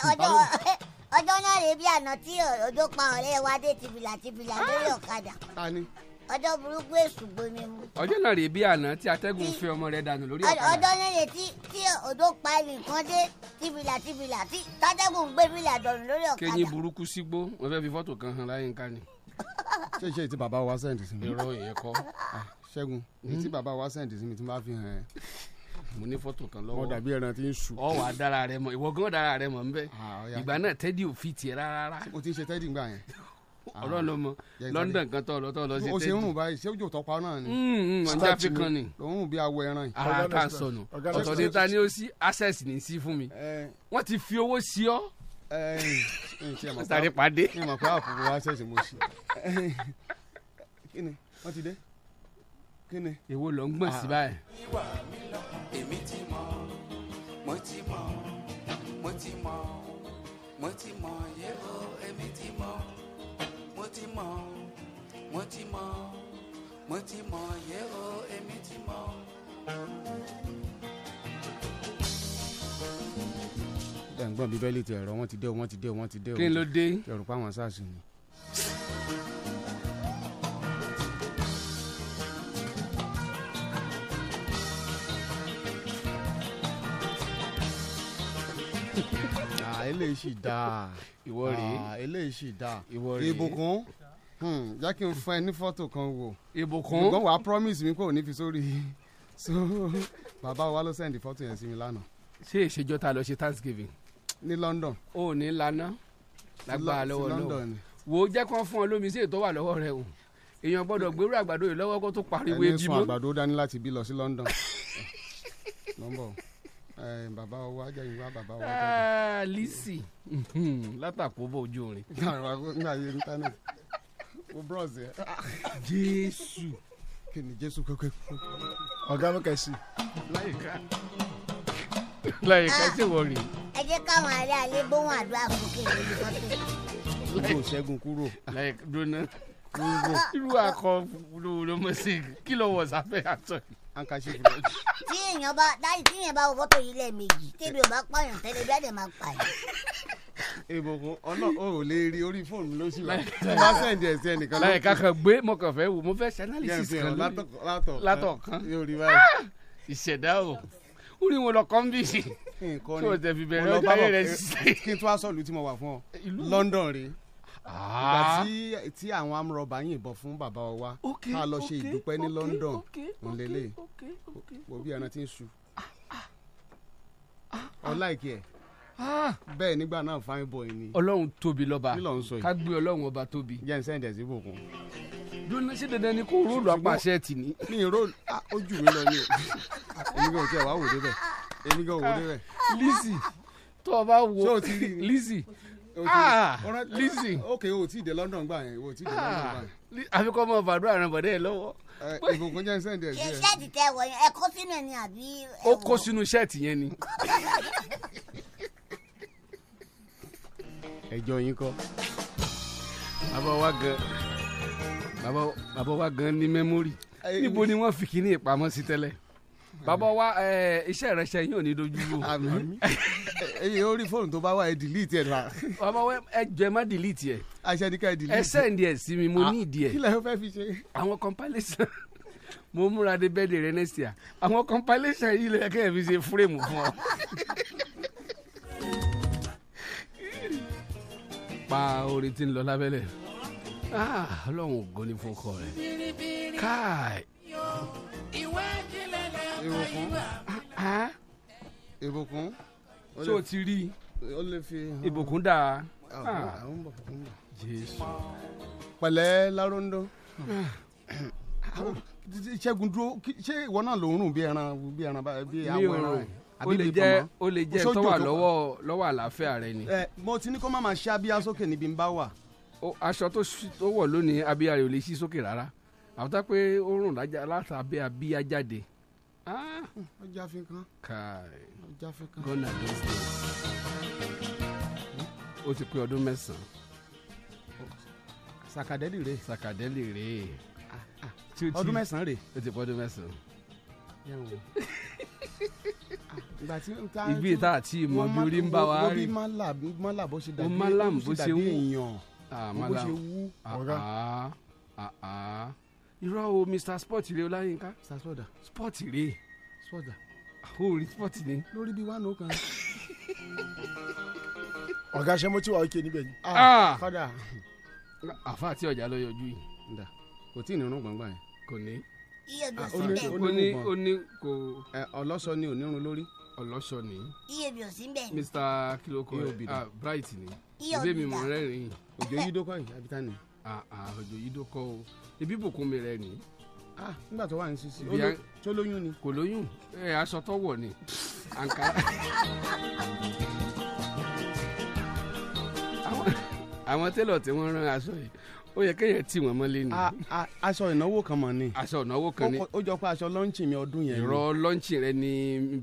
fọgá. Eh, ọjọ́ náà rèé bí àná tí òjò pa ọ̀rẹ́ wa dé tìfìlà tìfìlà lórí ah! ọ̀kadà. ta ni ọjọ́ burúkú èṣù gbomi mu. ọjọ́ náà rèé bí àná tí atẹ́gùn fẹ́ ọmọ rẹ̀ dànù lórí ọ̀kadà. ọjọ́ náà rèé tí tí odò pa nìkan dé tìbìlà tìbìlà tí tátẹ́gùn gbé bìlà dànù lórí ọ̀kadà. kẹ́yìn burúkú sígbó wọn fẹ́ fi fọ́tò kan hàn láyé nǹkan ni. ṣé ṣe ti bàbá wa sẹ́ǹdì sí mi. irọ́ ìyẹn kọ́. Ah, ṣẹ́gun èyí tí hmm? bàbá wa sẹ́ǹdì sí mi ti máa fi hàn ẹ́ mo ní fọ́tò kan lọ́wọ́ wọn dàbí ẹran tí ń sùn. ọ wà dára rẹ mọ ìwọ gan dára rẹ mọ nbẹ ah, ìgbà náà tẹ́dí ò fi tiẹ̀ rárá. o ti ń ṣe tẹ́dí ngbà yẹn. Ah. ọ̀rọ̀ ló mọ London kan tọ̀ lọ́tọ̀ lọ sí tẹ́jú. o ṣe ń rùn báyìí ṣé òjò tọpa náà ni. Mm, mm, ọjà african ni. ló bí awọ ẹran yìí. ara ta sọnù ọ̀tọ̀ ní ta ni ó sí access ní sí fún mi. wọ́n ti fi owó sí ọ́. sáré pàdé. ìmọ̀ pé àpòpọ̀ access mo ṣe. kí wọ́n ti dé kí èwo ló ń gbọ̀n sí ah. báyìí. mo ti mọ mo èmi ti mọ wọ́n ti mọ̀ wọ́n ti mọ̀ wọ́n ti mọ̀ yẹ́ o èmi ti mọ̀. dẹ̀ǹgbọ́n bíbélì ti ẹ̀rọ wọ́n ti dé wọ́n ti dé wọ́n ti dé. kí ló dé. ẹ̀rù pa àwọn sars ni. Thank you. Ah, ah, eléyìí sì dáa ìwọ rèé ah, eléyìí sì dáa ìwọ rèé ìbùkún hmm, jẹ́ kí n fún ẹ ní fọ́tò kan wò ìbùkún ìbùkún wàá promise mi pé ò ní fi sórí so bàbá wa ló sẹ́ndì fọ́tò yẹn sí mi lánàá. ṣé ìṣèjọ́ ta lọ ṣe thanksgiving. ní London. o ò ní lana lágbára lọ́wọ́ lọ́wọ́ wò ó jẹ́ kán fún ọ lómi sí ètò wà lọ́wọ́ rẹ o èèyàn gbọ́dọ̀ gbèrú àgbàdo yìí lọ́wọ́ kó tó pariwo ebi mọ́. ẹni sùn àgbàdo dání láti bí lọ sí London. nọ́mbà Eh, bàbá wa jẹ̀yìnwá bàbá wa. Ah, lisi látàkóbó ojú orin. nígbà yẹn ń tán náà o bros yẹ. jésù kí ni jésù kọ́kọ́ kú. ọ̀gá ló kẹ́sì. láyìíká láyìíká ṣe wọ rí. ẹ jẹ́ káwọn ará alẹ́ gbóhùn àdúrà fún kí ni olùkọ́ tó. kúrò ṣẹ́gun kúrò. láyìíká dúró náà irú akọ ló mọ̀ sí kí ló wọ̀ sáfẹ́ àtọ̀ yìí ankaṣe fúlọ́ọ̀jì. tí èèyàn bá dáì tí èèyàn bá wọ mọ́tò yìí lẹ́ẹ̀mejì tẹ́lẹ̀ ò bá pààyàn tẹ́lẹ̀ bí àdè máa pààyàn. ìbùkún ọ̀nà ò lè rí orí fóònù ló sì tí wọ́n sẹ̀ǹdì ẹ̀ sí ẹnìkan. láyé kankan gbé mo kàn fẹ́ wò mo fẹ́ ṣe analysis kan látọ̀ kan ah! ìṣẹ̀dá o orí wọn lọ kọ́ńbìsì tó o tẹ̀ fi bẹ̀rẹ̀ ọjọ́ ayé rẹ̀ sí. kí n tún aṣọ ìlú tí mo wà fún ọ London rèé ìgbà ah. tí àwọn amúrọ̀bà yìnbọn fún bàbá wa wá ká lọ ṣe ìdúpẹ́ ní London ńlẹ́lẹ̀ wo bí ẹran ti ń su ọlá ìkí ẹ̀ ah. bẹ́ẹ̀ nígbà náà fine boy ni. ọlọ́run tóbi lọ́ba ká gbé ọlọ́run ọba tóbi. jẹ́ ǹsẹ́ ǹjẹ́ sí ìbùkún. dúró ṣé dandan ni kó róòlù apàṣẹ tì ní. mi róòlù ojú ah, mi lọ ni o èmi gan ò tiẹ̀ wá wò débẹ̀ èmi gan ò débẹ̀. Lizzy tó o bá wo Lizzy Ah, ah. Ah. Lizzy. ok o ti dé London gbà yẹn o ti dé London gbà yẹn. àfikún ọmọ bàdúrà ràn bọ̀dẹ́ ẹ lọ́wọ́. Eh, ìbùkún jẹ́ sẹ́ǹdì ẹ̀ sí ẹ. ṣẹ́ẹ̀tì tẹ wọ yẹn ẹ kó sínú ẹ ní àbí. ó kó sínú ṣẹ́ẹ̀tì yẹn ni. ẹjọ́ yín kọ́ bàbá wa gan bàbá wa gan ní mẹ́mórì eh, níbo ni wọ́n fi kíní ìpamọ́ sí tẹ́lẹ̀ bàbá wa iṣẹ́ ìrẹsẹ̀ yín ò ní dojú rú. ẹyin ó rí fóònù tó bá wà ẹ dìlíìtì ẹ náà. bàbá wa ẹ jẹ má dìlíìtì ẹ. aṣẹ́díkà dìlíìtì. ẹ sẹ́ǹdì ẹ̀ sí mi mo ah, ní ìdí ẹ̀. kí lẹ́yìn fẹ́ fi ṣe. àwọn compilation mo múra de bẹ́ẹ̀dì rẹ next year àwọn compilation yìí lè kẹ́ ẹ̀ fi ṣe fúrèmù fún ọ. pa orin tí ń lọ lábẹ́lẹ̀ ah, ọlọ́run ògo ni fún ọkọ rẹ̀ káì ìbùkún ìbùkún. ṣé o ti rí ìbùkún dáa. Ah, ah. jésù. pẹ̀lẹ́ larondo ah. ṣẹ́gun dúró ṣé ìwọ náà ló ń rùn bí ẹran bí ẹran bí awọ ẹran rẹ o lè jẹ o lè jẹ tó wà lọ́wọ́ lọ́wọ́ àlàáfíà rẹ ni. ẹ eh, mo ti ní kó má máa ṣe abíyá sókè níbi ń bá wà. aṣọ tó wọ̀ lónìí abíyá rẹ ò lè ṣí sókè rárá àbúrò pé ó rùn láti abíyá jáde. Ah. ọjà kan. káì ọjà kan. gọ́nà ló ń sè ti pé ọdún mẹ́sàn-án sàkàdẹ́lì rè. sàkàdẹ́lì rè. ọdún mẹ́sàn-án rè. ó ti pé ọdún mẹ́sàn-án. ìgbà tí n ta ibi ìta àti ìmọ̀ bí orí ń bá wa rí mo máa là bó ṣe dàbí èèyàn mo bó ṣe wú ah, ah, ọ̀gá irọ́ o mr sport rè ọláyínká. mr sport da. sport rè. sport da. o rí sport ni. lórí bíi wánú kan. ọ̀gá ṣe mo ti wà ókè níbẹ̀ ni. kọ́dà. àfa àti ọ̀jà lọ yọjú yìí. kò tí ì nírun gbọ̀ngbọ̀n yẹn. kò ní. iye bí ah, ọ̀sìn bẹ́ẹ̀. ó ní ó ní kò. ọlọ́sọ ni onírun lórí. ọlọ́sọ ni. iye bí ọ̀sìn bẹ́ẹ̀. mr kiloko ah, bright ni. iye òbí da ìbémi mọ̀ rẹ́rìn-ín. òjò yídó kọ́ yìí abita ni. àjò ah, ah, yìí dókọ́ o ibi bùkún mi rẹ nìyí. ah nígbà tó wà ní sisi tó lóyún ni. kò lóyún ẹ aṣọ tó wọ̀ ni àǹkárá. àwọn télọ̀ tí wọ́n rán aṣọ yìí ó yẹ kéèyàn tì wọ́n mọ́lé ni. aṣọ ìnáwó kan mọ̀ ni. aṣọ ìnáwó kan ni. ó jọ pé aṣọ lọ́ǹchì mi ọdún yẹn ni. ìrọ̀ lọ́ǹchì rẹ ni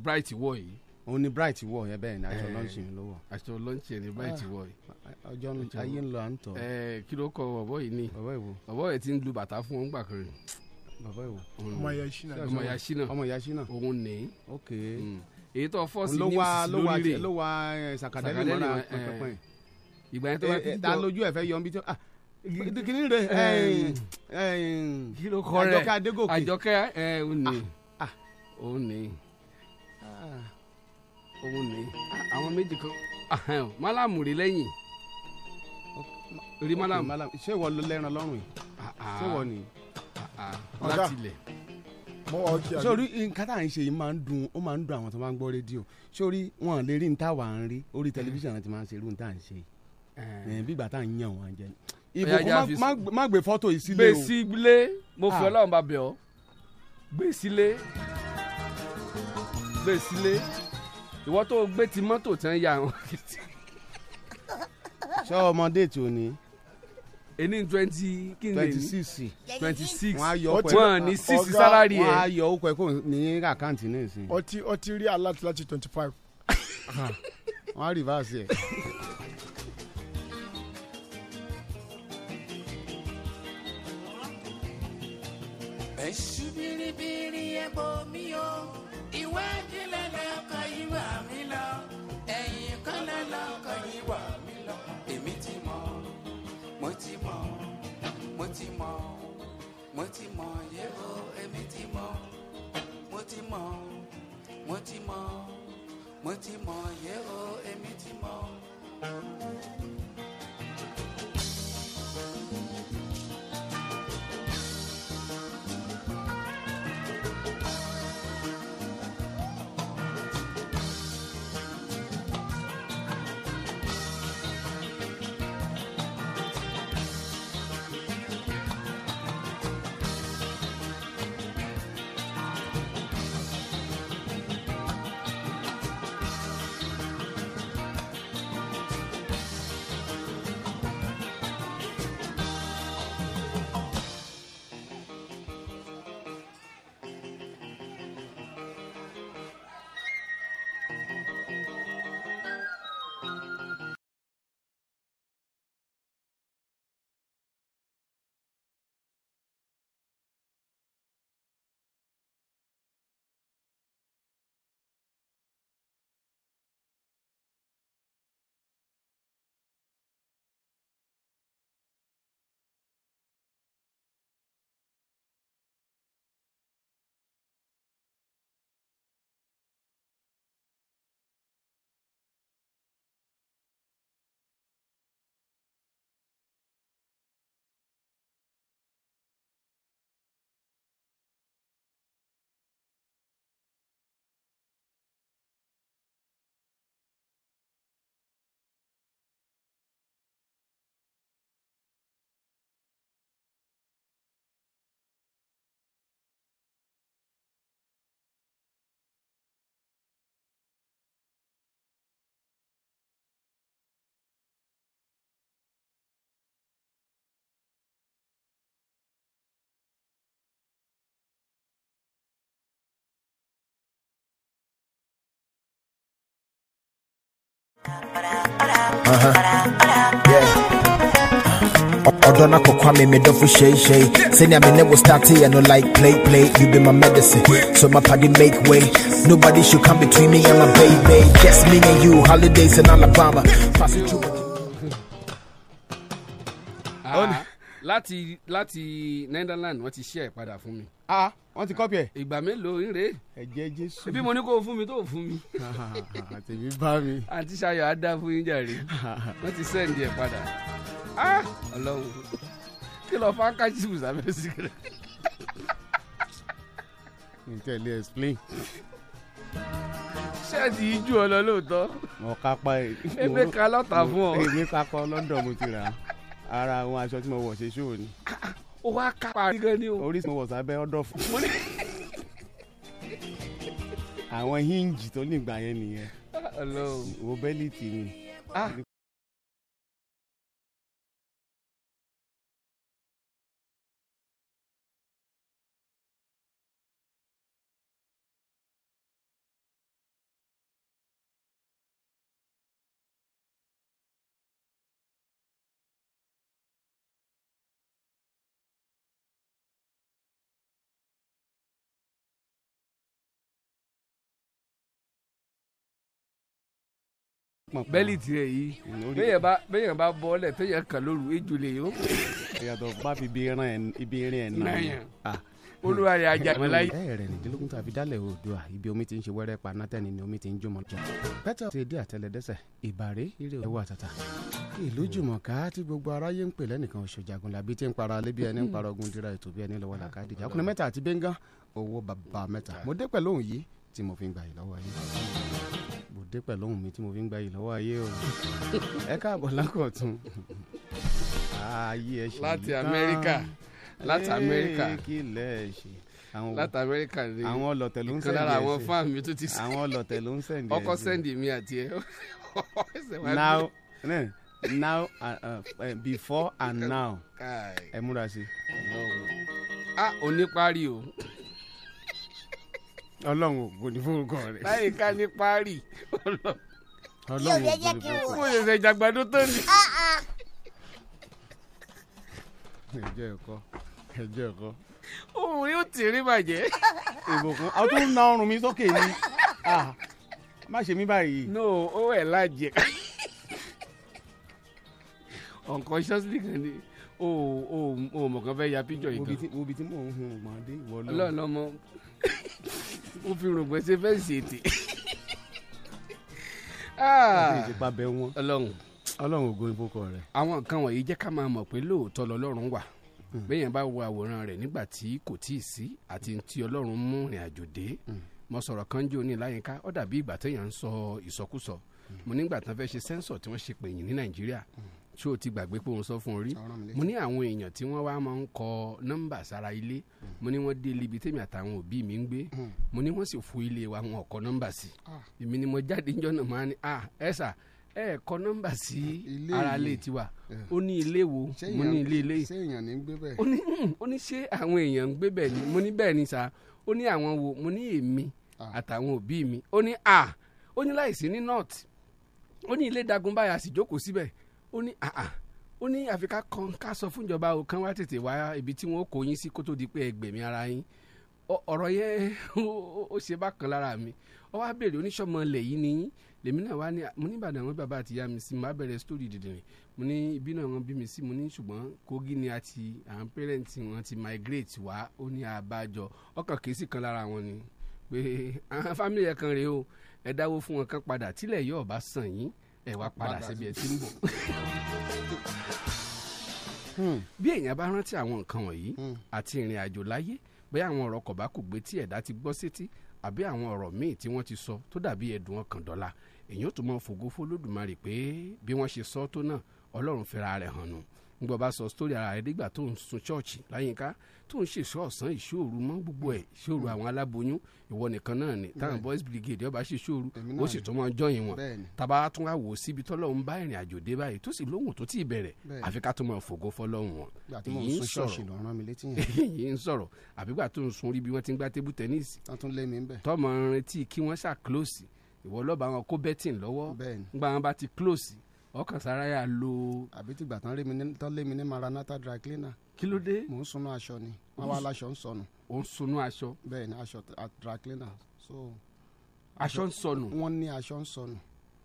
bright wọ̀ yìí òun ni bright wọ yẹn bẹ́ẹ̀ ni aṣọ lọ́ọ̀ṣì ń lọ́wọ́. aṣọ lọ́ọ̀ṣì ni bright ah, wọ yìí. ọjọ́ ayé ń lọ à ń tọ̀. ẹ kí ló kọ bọ̀bọ̀ yìí ni bọ̀bọ̀ yìí ti ń lu bàtà fún wọn gbà kan. bàbá ìwò ọmọ yasina ọmọ yasina ọmọ yasina òun ní. ok mm. èyí tó fọ́ sí ní lórí rẹ̀ ló wá sàkàdẹ́lì mọ́ra pẹ́pẹ́pẹ́ yìí. ìgbà yẹn tó bá eh, ti jọ eh, ta lójú ẹ̀ fẹ́ yọ ibi tí ó ah, kìnní rẹ eh. kí ló kọ rẹ àjọkẹ́ adégòkè àjọkẹ́ ẹ òun ní ah, ah. òun ní òun ní àwọn méjì kan málàmù rí lẹ́yìn rí malam ṣé ìwọ ló lẹ́ran lọ́rùn yìí ah, ah. ṣé ìwọ ni ah, láti ilẹ̀ sórí nǹkan tá à ń ṣe yìí máa ń dùn ó máa ń dùn àwọn tó máa ń gbọ́ rédíò sórí wọn lè rí níta wà ń rí orí tẹlifíṣàn ti máa ń ṣe irú níta à ń ṣe yìí eh. bí ìgbà tá à ń yàn wọn jẹ ìbùkún má gbé fọ́tò yìí sílé o gbé sílé mo fi ọlọ́run bá bẹ̀ ọ́ gbé sílé gbé sílé ìwọ tó gbé ti mọ́tò tán ya àwọn kìtì sọ ọmọdé tí o ní twenty kí twenty six twenty six wọn ní six salary ẹ. wọn á yọ ọkọ ẹ kó ní àkáǹtì náà sí. ọtí ọtí rí alert láti twenty five. wọn á reverse ẹ. ẹ̀sùn bìrìbìrì ẹ̀bọ̀ mi o ìwádìí lẹ́lẹ́kọ̀ọ́ ìwà mi lọ ẹ̀yìn kan lẹ́lẹ́kọ̀ọ́ ìwà mi. ti mọ̀ mo ti mọ̀ yẹ́wò èmi ti mọ̀ mo ti mọ̀ mo ti mọ̀ mo ti èmi ti mọ̀. Ọdọ uh-huh. na kokwa me me dofu shay shay. Senior me never started and no like play play. You be my medicine, so my party make way. Nobody should come between me and my baby. Just me and you, holidays in Alabama. Pass it ah, láti láti netherland wọ́n ti ṣe ẹ̀ padà fún mi. ah wọ́n ti kọ́pì ẹ̀. ìgbà mélòó re. ẹ̀jẹ̀ jésù. bí mo ní kó o fún mi tó o fún mi. àtẹ̀mí bá mi. àti ṣayọ̀ á dá fún yín jàre wọ́n ti sẹ́ǹdì ẹ̀ padà. ọlọ́run kí lọ fún akájísù sábẹ́ sí kẹrẹ. n tẹ̀lé explain. ṣẹ́ẹ̀tì yìí ju ọ lọ lóòótọ́. mo kápá ẹ. ebe ka lọ́ta fún ọ. èmi kápá ọlọ́dọ̀ mo ti rà ara àwọn aṣọ tí mo wọ̀ ṣe ṣóò ni. ó wá ká parí gan ni o. Orísun mo wọ̀ sábẹ́ ọ̀dọ̀ fún mi. àwọn hinge tó nígbà yẹn nìyẹn wo bẹ́lí tì pọ̀n. bẹ́ẹ̀lì tirẹ̀ yìí bẹ́yẹn bá bọ́ ọ́lẹ̀ tẹ́yẹ kàn lóru ejò lè yó. ìyàtọ̀ bá fi ibi irin ẹ̀ náà yẹn ah. olúwa rẹ̀ ajagbe láyé. ẹ rẹ nìdínlógún tàbí dálẹ̀ oòdùà ibi omi ti ń ṣe wẹ́rẹ́ pa nátẹ́ni ni omi ti ń jómọ jọ. pẹ́tà ti di àtẹlẹdẹsẹ̀ ìbàrẹ̀ ìrè ẹwà tàtà. ìlú jùmọ̀ká tí gbogbo aráyé ń pè lẹ́nìkan oṣù jagunlabi tí ń para alẹ́ bí ẹni ń para ogun dira ètò bí ẹni lọ́wọ́ làkà dìjà. ọkùnrin mẹ́ta àti bẹ́ngàn owó bàbá mẹ́ta mo dé pẹ̀lú òun yìí tí mo fi ń gbà yìí lọ́wọ́ yìí bòdé pẹ̀lú ohun mi tí mo fi ń gbayì lọ́wọ́ ayé o ẹ káàbọ̀ lákọ̀tún ayé ẹ ṣe láti amẹ́ríkà láti amẹ́ríkà láti amẹ́ríkà ni àwọn ọlọ́tẹ̀ ló ń sẹ́ndì ẹ̀ ṣe àwọn fáàmù tó ti sẹ́ndì àwọn ọlọ́tẹ̀ ló ń sẹ́ndì ẹ̀ ṣe ọkọ sẹ́ndì mi àti ẹ now now uh, uh, before and now ẹ múra sí. a ah, ò ní parí o. Ọlọ́run ògbó ní forúkọ rẹ. báyìí ká ní parí Ọlọ́run ògbó ní forúkọ rẹ. mo ṣẹ̀ṣẹ̀ jàgbàdo tó ní. Ah, ah. ẹjọ́ ẹ̀kọ́ ẹjọ́ ẹ̀kọ́. òun yóò tì rí bàjẹ́. ìbùkún àwọn tó ń na ọrùn mi sókè ni ah, má ṣe mí báyìí. no ó ẹ̀ lájẹ unconsciously kan ni o o o mọ̀kàn fẹ́ ya píjọ yìí kan. wo bi tí mo ń hun ọgbọ̀n dé ìwọ lọ ó fi rògbò ṣe fẹ́ ah. ṣe ètè. ọlọ́run ọlọ́run ògo ìfọkọ rẹ. àwọn nǹkan wọ̀nyí jẹ́ ká máa mọ̀ pé lóòótọ́ lọ́lọ́run wà hmm. bẹ́ẹ̀ bá wo àwòrán rẹ̀ nígbà tí kò tí sí àti tí ọlọ́run mú ìrìn àjò dé hmm. mo sọ̀rọ̀ kan jó ní láyínká ó ìgbà téèyàn ń sọ ìsọkúsọ hmm. mo nígbà tán fẹ́ ṣe sẹ́ńsọ̀ tí wọ́n ṣe pè ní nàìjíríà ṣé o ti gbàgbé pé òun sọ fún orí mo ní àwọn èèyàn tí wọ́n wá máa ń kọ nọ́mbà sára ilé hmm. mo ní wọ́n dé ibi tèmi àtàwọn òbí mi ń gbé hmm. mo ní wọ́n sì fo ilé wa wọn ọkọ nọ́mbà sí ah. èmi ni mo jáde níjọ́ náà máa ní ah ẹ sà ẹ kọ nọ́mbà sí ara ilé tiwa eh. ó ní ilé wo mo ní ilé ilé yìí hmm, ó ní ṣé àwọn èèyàn ń gbé bẹ́ẹ̀ ni mo ní bẹ́ẹ̀ ni sà ó ní àwọn wo mo ní èmi ah. àtàwọn òbí mi ó ní ah ó ní láìsí ní north ó ní ilé dagun báyà sì jókòó síbẹ̀ ó ní àà ah, ah. ó ní àfi ká kan ká sọ fúnjọba o kán wá tètè wá ibi tí wọn kò yín sí kó tó di pé ẹgbẹ̀mí ara yín ọ̀rọ̀ yẹn ó ṣe bákan lára mi ó wá béèrè oníṣọmọ ilẹ̀ yìí ni yín lèmi náà wá ní mo ní ìbàdàn àwọn bàbá àtìyá mi sí máa bẹ̀rẹ̀ sítórì dìdìrín mo ní ibi náà wọ́n bí mi sí mo ní ṣùgbọ́n kogi ni àti àwọn pẹ́rẹ́ǹtì wọn ti migrate wá ó ní àbájọ ọkàn kìí kan lára wọn ni pé àwọn fámìlì yẹn kan rèé o ẹ dáwó fún wọn kan padà tílẹ̀ yóò bá sàn yín ẹ eh, wá padà síbi ẹ ti ń bọ̀. Hmm. bí èèyàn bá rántí àwọn nǹkan wọ̀nyí hmm. àti ìrìn àjò láyé bóyá àwọn ọ̀rọ̀ kọ̀bá kò gbé tí ẹ̀dá ti gbọ́ sétí àbí àwọn ọ̀rọ̀ míì tí wọ́n ti sọ tó dàbí ẹ̀dùn ọkàn dọ́là èèyàn tó mọ fògo fólódùmarè pé bí wọ́n ṣe sọ tó náà ọlọ́run fẹ́ra rẹ̀ hàn nù ngbọ́n bá sọ sítórì ara rẹ̀ dígbà tó ń sun ṣọ́ọ̀ṣì láyínká tó ń ṣèṣọ́ ọ̀sán ìṣòro mọ́ gbogbo ẹ̀ ìṣòro àwọn aláboyún ìwọ nìkan náà ni táwọn boys brigade ọba ṣe ṣòro ó sì tún máa jọyìn wọn tàbá tún wá wò ó síbi tọ́lọ́ ń bá ìrìn àjò dé báyìí tó sì lóhùn tó ti bẹ̀rẹ̀ àfi ká tó máa fògo fọlọ́hùn wọn. èyí ń sọ̀rọ̀ àbígbà tó ń sun orí bí wọ́n ti ń gbá tébù tẹ́nísì betting lọ́wọ́ ngbà close ọkàn sáráyà lo. àbí tìgbà tán lé mi ní tán lé mi ní maranatha dry cleaner. kí ló dé. mò ń sunu aṣọ ni wọn wá aláṣọ ń sọnù. ò ń sunu aṣọ. bẹ́ẹ̀ ni aṣọ dry cleaner so. aṣọ ń sọnù. wọ́n ní aṣọ ń sọnù.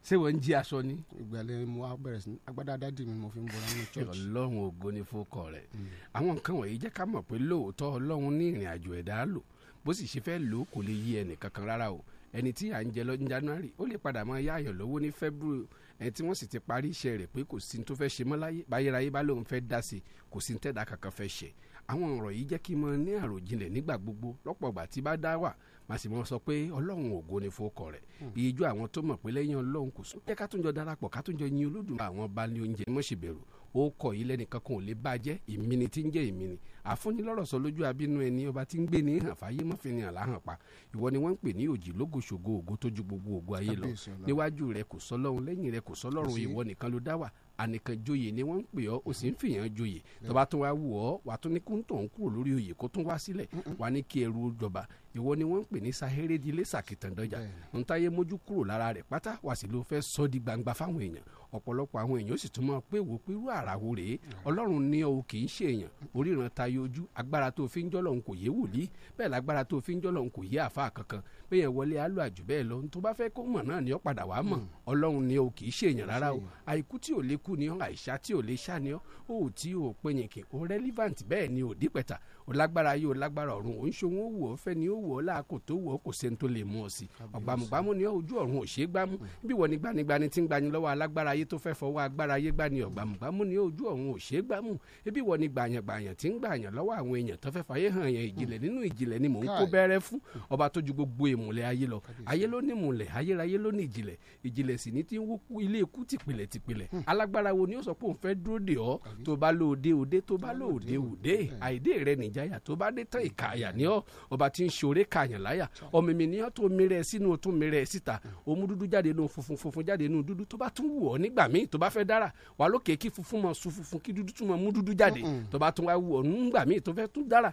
ṣé wọ́n ń jí aṣọ ni. ìgbàlẹ̀ mo á bẹ̀rẹ̀ sí agbádá dádì mi mo fi ń bọ̀ nínú church. ọlọ́run ògo ni fókọ rẹ̀ mm. àwọn nǹkan wọ̀nyí jẹ́ ká mọ̀ pé lóòótọ́ ọlọ́run ní ìrìn àjò ẹ̀dá lò bó sì ṣe fẹ́ lò kò lè yí ẹnì kankan rárá o ẹni tí à ń jẹ lọ ní January ó lè padà máa yáyọ̀ lówó ní February ẹ tí wọ́n sì ti parí iṣẹ́ rẹ̀ pé kò sí ní tó fẹ́ ṣe mọ́ láyé báyérayé bá lóun fẹ́ dá sí kò sí ní tẹ́dá kankan fẹ́ ṣe àwọn ọ̀rọ̀ yìí jẹ́ kí n mọ ní àròjinlẹ̀ nígbà gbogbo lọ́pọ̀ ọgbà tí bá dá wà má sì mọ sọ pé ọlọ́run ògo ni fọkọ rẹ̀ bí hmm. àwọn tó mọ̀ pé lẹ́yìn ọlọ́run kò sún. jẹ́ ká tún jọ darapọ̀ ká tún jọ yin olódùmarè àwọn balẹ̀ oúnjẹ mọ́ṣíbẹ̀rù ó kọ̀ yìí lẹ́nìkan kan ò lè bàjẹ́ èmi ni tí ń jẹ́ èmi ni àfúnilọ́rọ̀ sọ lójú abínú ẹni ọba tí ń gbé ní hàn fáyé mọ́fìnrin hàn pa ìwọ ni wọ́n ń pè ní òjì lógoṣogo ògo tó ju gbogbo ògo ayé lọ níwájú rẹ kò sọlọ́run lẹ́yìn rẹ kò sọlọ́run ìwọ nìkan ló dá wà ànìkan joyè ni wọ́n ń pè ọ́ o sì ń fìyàn joyè tọba tó wá wù ọ́ wà tó ní kó ń tàn kúrò lórí oyè kó tún wá sílẹ̀ wà ní kí ẹrù jọba ìwọ ni wọ́n ń pè ní sahérédìlé sàkìtàn dọjà ntáyé mójú kúrò lára rẹ̀ pátá wà sí ló fẹ́ sọ́ di gbangba fáwọn èèyàn ọ̀pọ̀lọpọ̀ àwọn èèyàn sì tún máa pé wò pé irú àràwọ̀ rèé ọlọ́run ní o kì í ṣe èèyàn oríran tayọ ojú agbára tó fi ń jọ́lọ́run kò yé wòlíì bẹ́ẹ̀ lágbára tó fi ń jọ́lọ́run kò yé àfáà kankan pé yẹn wọlé àlọ́ àjù bẹ́ẹ̀ lọ tó bá fẹ́ kó mọ̀ náà ni ó padà wàá mọ̀ hmm. ọlọ́run ni o kì í ṣèyàn rárá o àìkú tí ò lè kú ni ọ́ àìsá tí ò lè ṣá ni ọ́ o ò tí o pinyìnkì o relevant bẹ́ẹ̀ ni ò dípẹ̀tà o lágbára yóò lágbára ọ̀run ò ń ṣohun ó wù ọ́ fẹ́ ni ó wù ọ́ láàkó tó wù ọ́ kò sẹ́ni tó lè mú ọ sí ọ̀gbàmùgbàmù ni ojú ọ̀run ò ṣe é gbámú hmm. bí wọ́n ní gbanigbani tí ń gbani lọ́wọ́ alágbára ayé tó fẹ́ fọwọ́ agbára ayé gbani ọ̀gbàmùgbàmù ni ojú ọ̀run ò ṣe é gbámú ebi wọ́n ní gbàyàngbàyàn tí ń gbàyàn lọ́wọ́ àwọn èèyàn tó fẹ́ fàyè ni mò ń kó ìmùlẹ̀ ayé lọ ayé ló ní ìmùlẹ̀ ayérayé ló ní ìjìnlẹ̀ ìjìnlẹ̀ sì ní tí ń wú ilé ikú tìpìlẹ̀ tìpìlẹ̀ hmm. alágbára wo ni ó sọ pé òun fẹ́ dúró dè ọ́ tó bá lò òde òde tó bá lò òde òde hmm. àìdè rẹ nìjáyà tó bá dé tán ìkàyà ni ọ́ hmm. ọba tí ń ṣoré kàyàn láyà ọ̀mìmì ni ọ́ tó mìíràn sínú tó mìíràn síta òmu dúdú jáde nù funfun funfun jáde nù dúdú tó bá tún wù ọ́ nígbà míì tó bá fẹ́ dára wà lókè kí funfun mọ̀ sun funfun kí dúdú tún mọ̀ mú dúdú jáde tó bá tún wá wù ọ́ nígbà míì tó fẹ́ tún dára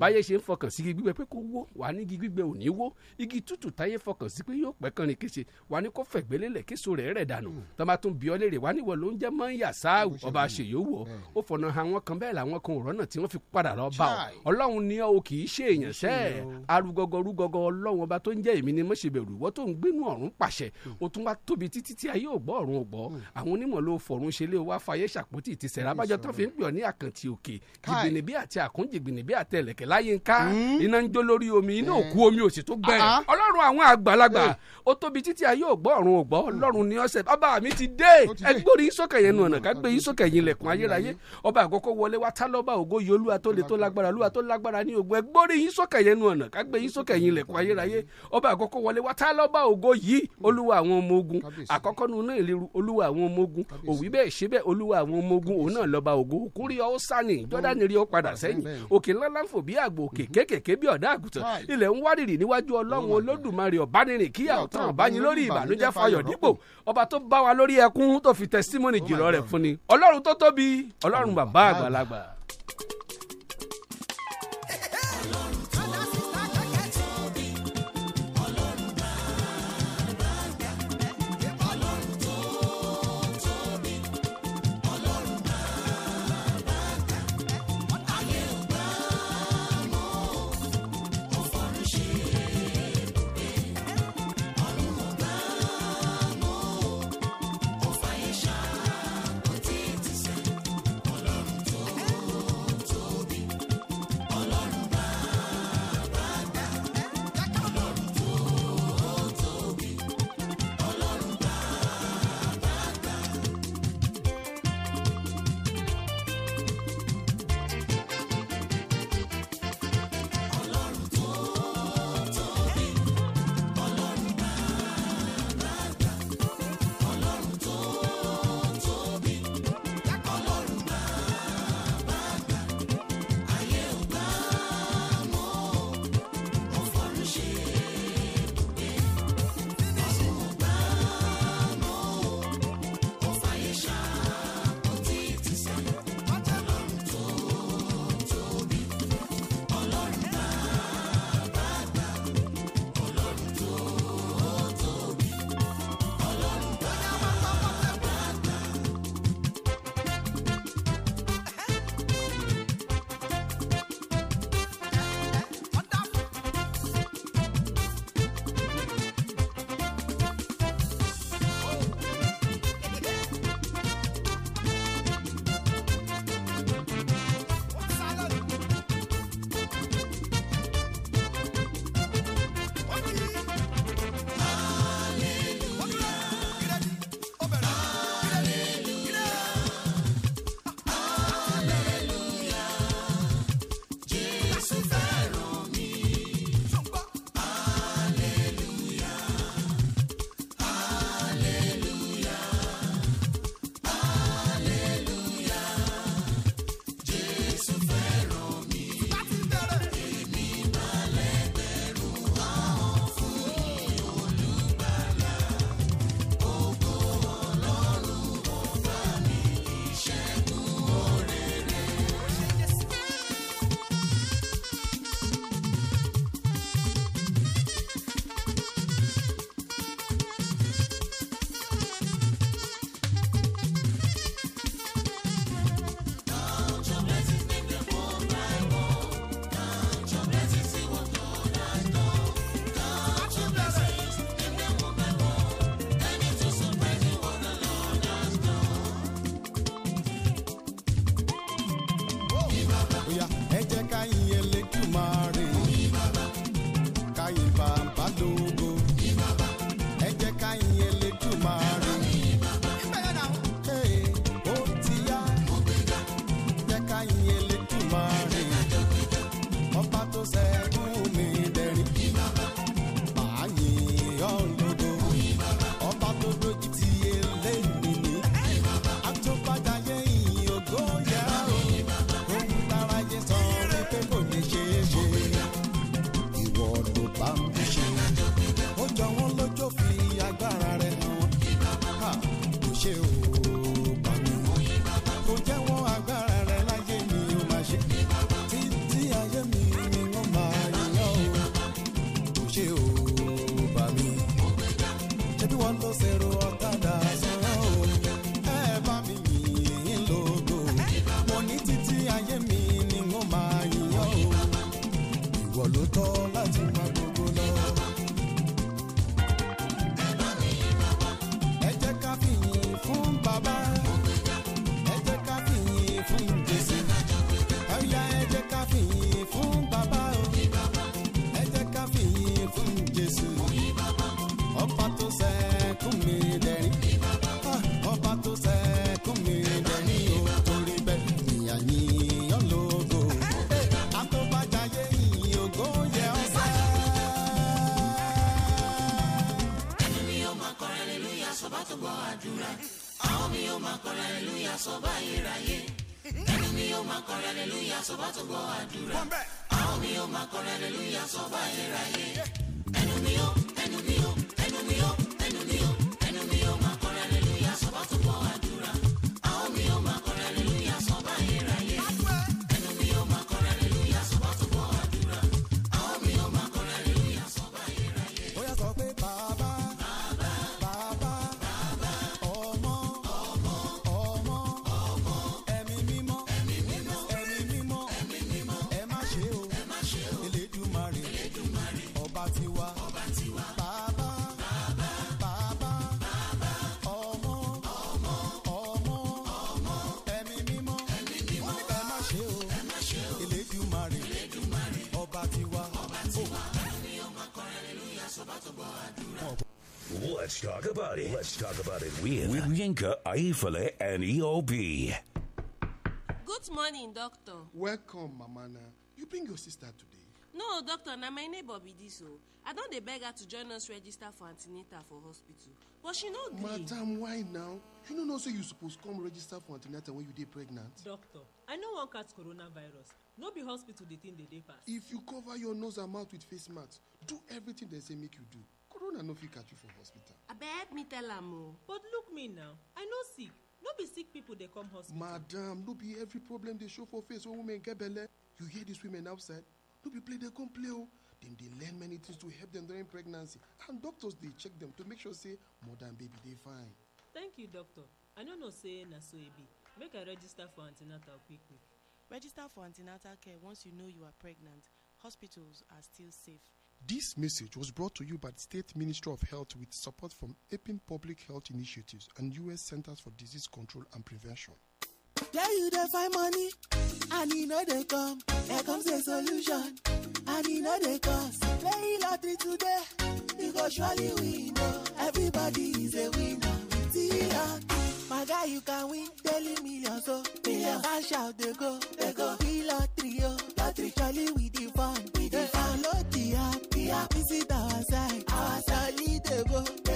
wà fọkàn sí igi gbígbẹ pé kó wó wà ní igi gbígbẹ ò ní wó igi tútù táyé fọkàn sí pé yóò pẹ́ kánrin kése wà ní kó fẹ̀gbẹ́lélẹ̀ késo rẹ̀ rẹ̀ dànù hmm. tọ́ba tún bí ọ léèrè wà níwọ̀ ló ń jẹ́ mọ́ńyà sáàwù ọba àṣeyọ̀wọ̀ hmm. ó fọ̀nà àwọn kan bẹ́ẹ̀ làwọn kan òrọ́nà tí wọ́n fi padà lọ bá ọ ọlọ́run ni o kì í ṣe èèyàn sẹ́ arúgọgọ rúgọgọ ọlọ́run ọba tó ń jẹ́ èmi ni mo ṣe bẹ̀rù wọ́n tó ń gbénu ọ̀run pàṣẹ hmm. o tún wá tóbi títí tí ayé ò ọ̀run ò àwọn onímọ̀ ló fọ̀run ṣe lé o fàyè ṣàpótì ìtìsẹ̀rẹ̀ abájọ tó fi ń pè ọ́ ní àkàntì òkè jìgbìnìbí àti àkúnjìgbìnìbí àtẹlẹ̀kẹ̀ láyé ń ká Mm-hmm. iná ń jó lórí omi iná òkú omi ò sì tó gbẹ uh-huh. ọlọ́run àwọn àgbàlagbà ó tóbi títí ayé ògbọ́ ọ̀run ògbọ́ mm. ọlọ́run ní ọ̀sẹ̀ bàbá mi ti dé ẹgbórí sókè yẹn nù mm. mm. ọ̀nà ká gbé yín sókè yín lẹ̀kùn ayérayé ọba àkọ́kọ́ wọlé wa tálọ́ba ògo yìí olúwa tó le tó lágbára olúwa tó lágbára ní ògo ẹgbórí yín sókè yẹn nù ọ̀nà ká gbé yín sókè yín lẹ̀kùn ayérayé ọba àkọ́kọ́ wọlé wa tálọ́ba ògo yìí olúwa àwọn ọmọ ogun àkọ́kọ́ nu náà ìléru olúwa àwọn ọmọ ogun òwì bẹ́ẹ̀ ṣe bẹ́ẹ̀ olúwa àwọn ọmọ ogun òun náà lọ́ba ògo òkúrí ọ̀ sani jọ́dá nìrí ọ̀ padà sẹ́yìn òkè kéékèèké bí ọ̀dà àgùntàn ilẹ̀ ń wárìrì níwájú ọlọ́run olódùmarè ọ̀bánirin kíyà ọ̀tàn ọ̀bányin lórí ìbànújẹ́ fayọ̀ dípò ọba tó bá wa lórí ẹkún tó fi tẹsítímọ́nì jùlọ rẹ̀ fún ni ọlọ́run tó tóbi ọlọ́run bàbá àgbàlagbà. talk about it with, with Yinka, Aifale, and EOB. Good morning, doctor. Welcome, Mamana. You bring your sister today. no doctor na my neighbor be oh. I don't dey beg her to join us register for antenatal for hospital but she no madam why now you know say you suppose come register for antenatal when you dey pregnant doctor i know one catch coronavirus no be hospital the thing the dey pass if you cover your nose and mouth with face mask do everything they say make you do corona no fit catch you for hospital abeg me tell am o. but look me now i no sick no be sick people dey come hospital. madam no be every problem dey show for face when women get belle you hear these women outside no be play dey come play o dem dey learn many things to help dem during pregnancy and doctors dey check dem to make sure say mother and baby dey fine. thank you doctor i no know say na so e be make i register for an ten atal quick quick. register for an ten atal care once you know you are pregnant hospitals are still safe This message was brought to you by the State Ministry of Health with support from APIN Public Health Initiatives and U.S. Centers for Disease Control and Prevention. There you find money and come. There comes a solution and cost. Play lottery today, you go surely win. Everybody is a winner My guy, you can win daily millions so Cash out go, go. lottery oh, lottery surely we fun. Visit our side, eh, our side,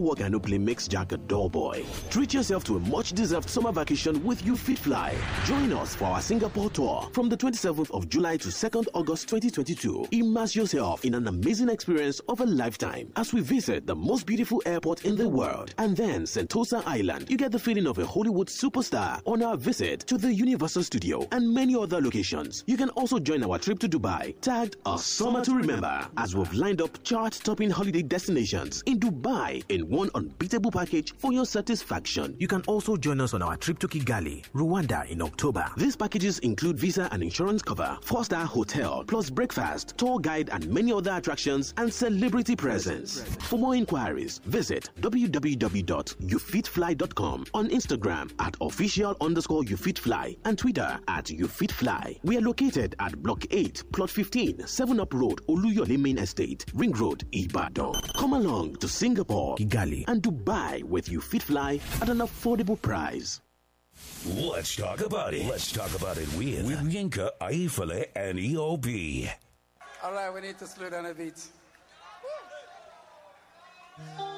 work and no play makes Jack a dull boy. Treat yourself to a much deserved summer vacation with You Fit Fly. Join us for our Singapore tour from the 27th of July to 2nd August 2022. Immerse yourself in an amazing experience of a lifetime as we visit the most beautiful airport in the world and then Sentosa Island. You get the feeling of a Hollywood superstar on our visit to the Universal Studio and many other locations. You can also join our trip to Dubai tagged A Summer to Remember as we've lined up chart topping holiday destinations in Dubai in one unbeatable package for your satisfaction. You can also join us on our trip to Kigali, Rwanda in October. These packages include visa and insurance cover, four star hotel, plus breakfast, tour guide, and many other attractions and celebrity presence. For more inquiries, visit www.ufitfly.com on Instagram at official underscore ufitfly and Twitter at ufitfly. We are located at Block 8, Plot 15, 7 Up Road, Oluyole Main Estate, Ring Road, Ibadan. Come along to Singapore. Kigali Kigali and Dubai with you fit fly at an affordable price. Let's talk about it. Let's talk about it with, with Yinka, Aifale, and EOB. All right, we need to slow down a bit. Woo.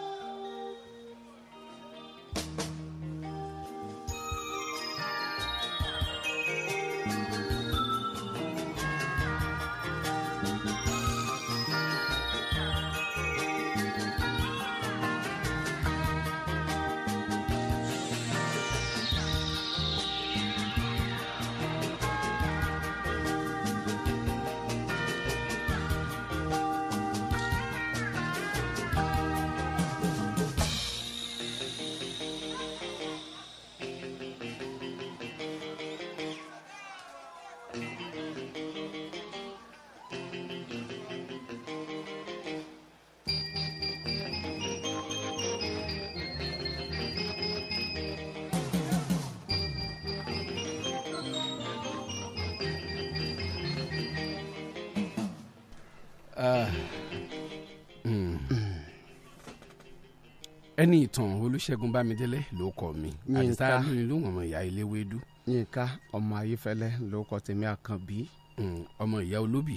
ẹni ìtàn olùṣègùn bámidélé ló kọ mi àdìsá lóyún ló wọn ọmọ ìyá eléwédú. yínká ọmọ ayéfẹ́lẹ́ ló kọ tèmi àkànbí. Hmm, ọmọ ìyá olóbì.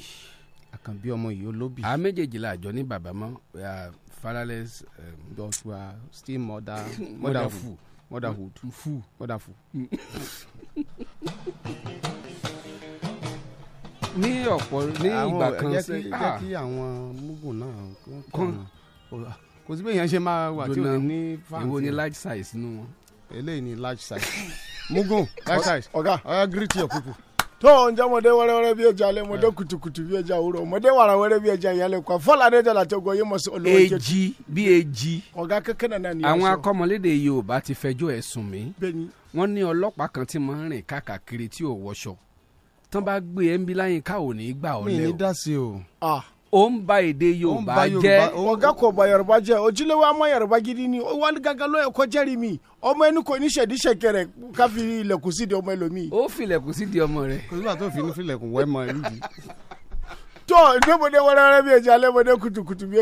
àkànbí ọmọ ìyá olóbì. a méjèèjì la àjọ ní bàbá mọ fatherless. joshua um, still mother motherhood motherhood fu hmm. motherhood. ní ọ̀pọ̀ ní ìgbà kan sí. jẹ́ kí ah. àwọn mugun náà kàn án kò sí bí èèyàn ṣe máa wà tí ò ní ní fans. èwo ni large size nínú wọn. eléyìí ni large size mugun large size ọ̀gá ọ̀gá greet your people. tó ń jẹ́ ọmọdé wẹ́rẹ́wẹ́rẹ́ bí ẹja alẹ́ ọmọdé kùtùkùtù bí ẹja òwúrọ̀ ọmọdé wàràwẹ́rẹ́ bí ẹja ìyálẹ̀ kwa fọ́lá ní ẹja làtẹ́ ọgọ́ yé mọ̀ sí olówó jẹ́. bí èjì. ọ̀gá kékeré náà ni. àwọn ti fẹjọ́ ẹ̀sùn mi wọ́n ní ọlọ́pàá ó ń ba èdè yorùbá jẹ́. ọ̀gá kò ba yorùbá jẹ́ ojúlówó àmọ́ yorùbá gidi ni ó wà ní gángan ló ẹ̀kọ́ mi ọmọ ẹnu kò ní ṣẹ̀díṣẹ̀kẹ̀ rẹ̀ ká fi ilẹ̀kùn sídìí ọmọ ẹlòmíì. ó fi ilẹ̀kùn sídìí ọmọ rẹ̀. kò sígbà tó fi inú filẹ̀kùn wẹ́ mọ ẹ̀rí tó ní mo dé ẹja alẹ́ mo dé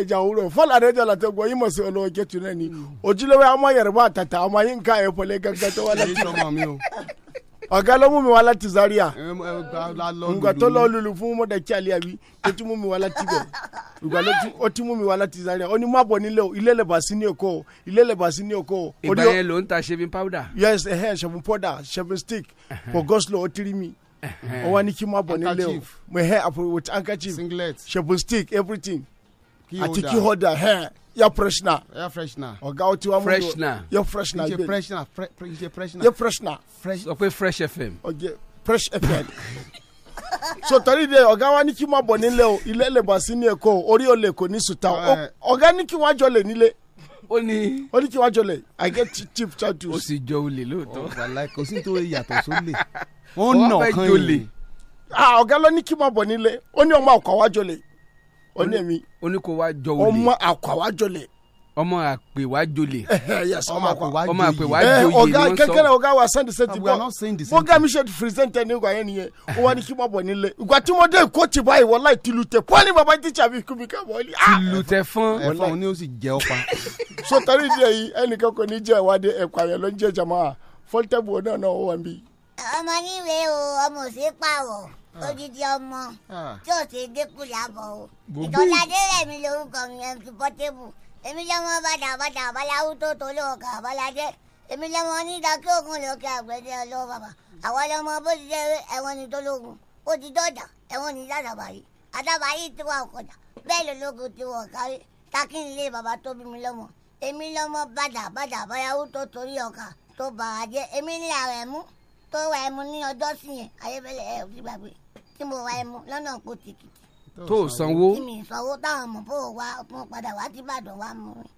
ẹja fọlá àdéjọ làtẹ̀gbọ́ yìí mọ̀ sí olówó jẹ́ tunẹ́ ni mm. ojúlówó àmọ́ yorùbá àtàtà ọmọ yín ká ọ̀gá ló mú mi wá láti Zaria ǹgbà tó lọ lulu fún mọ́tà tí alẹ́ àbí tó tún mú mi wá láti bẹ̀ ǹgbà ó tún mú mi wá láti Zaria ó ní má bọ̀ nílẹ̀ o ilé lẹ̀bà sí ní ọkọ o ilé lẹ̀bà sí ní ọkọ o. ìgbà yẹn ló ń ta shaving powder. yes ẹhẹ eh, shaving powder shaving stick for goslow ó tiri mi ó wá ní kí n má bọ̀ nílẹ̀ o my hair with handkerchief shaving stick everything àti key holder hair yɛ freshna yɛ freshna ɔga o ti wa mu freshna yɛ freshna yɛ freshna yɛ freshna yɛ freshna fresh ɔpɛ fresh fm ɔjɛ fresh fm so torí de ọ̀gá wa ní kí wọ́n bọ̀ nílé o ilé lè bọ̀ sí ní èkó orí ò lè kò ní sùtà o ọ̀gá ní kí wọ́n jọ lè Nile. ó ní. ó ní kí wọ́n jọ lè i get cheap charges. ó sì jọ olè lóòótọ́. Oh, wàhálà kò sí tó yàtọ̀ sólè. ó nà ọ̀kan yìí. ọ̀gá ló ní kí wọ́n bọ̀ nílé ó ní ọmọ ọkọ̀ wájọ lè ó ní èmi. jọ olè. ọmọ àkàwájọlẹ̀. ọmọ àpèwájọlẹ̀. ọmọ àpèwájọlẹ̀. ọmọ àpèwájọlẹ̀. Eh, ọ̀gá kẹ́kẹ́rẹ́ ọ̀gá wa send the same thing. Ah, we are not saying the same thing. mi ṣe present ẹni ìgbà yẹn nìyẹn ó wá ní kí n má bọ̀ nílé. ìgbà tí mo dé kóòtù báyìí wọláì tìlùtẹ̀ pọ́nì bàbá tíṣà mi kú mi ká wọlé. Ah! tìlùtẹ̀ fún ẹ̀fọn ni ó sì jẹ́ ọ pa. sọtari ìdí èyí ẹnìkan kò ní jẹ́ ìwádìí ẹ̀kọ́ àyẹ̀ ló ń jẹ́ jama fọ́lítẹ́bù náà náà ó wà ń bí. ọmọ odidi ọmọ tí ò ṣe dẹ́kun lábọ̀ o ìtọ́lá dẹ́rẹ́ mi lórúkọ mi ẹ̀ fi pọ́tébù èmi lọ́mọ bàdà bàdà abaláwo tó tó lóòkà abaládé èmi lọ́mọ onídàá kí ogun lóòkè àgbẹ̀dẹ ọlọ́wọ́ bàbá àwọn lọ́mọ bó ti jẹ́ ẹ̀wọ̀n ní tológun ó ti dọ́jà ẹ̀wọ̀n ní dàdàbàyí àdàbàyí ti wà ọ̀kọ̀dà bẹ́ẹ̀ lológun ti wọ̀ kárí takin ilé bàbá tó bí mi lọ́mọ èmi lọ́mọ bàdà bàdà abaláwo tó wa ẹmu ní ọjọ́ sí yẹn ayébẹ́lẹ́ ẹ ò ti gbàgbé tí mo wa ẹmu lọ́nà òpó tìkìtì. tó o sanwó. tí mi sanwó táwọn ọmọ bò wá mo padà wá tí ìbàdàn wá mú mi.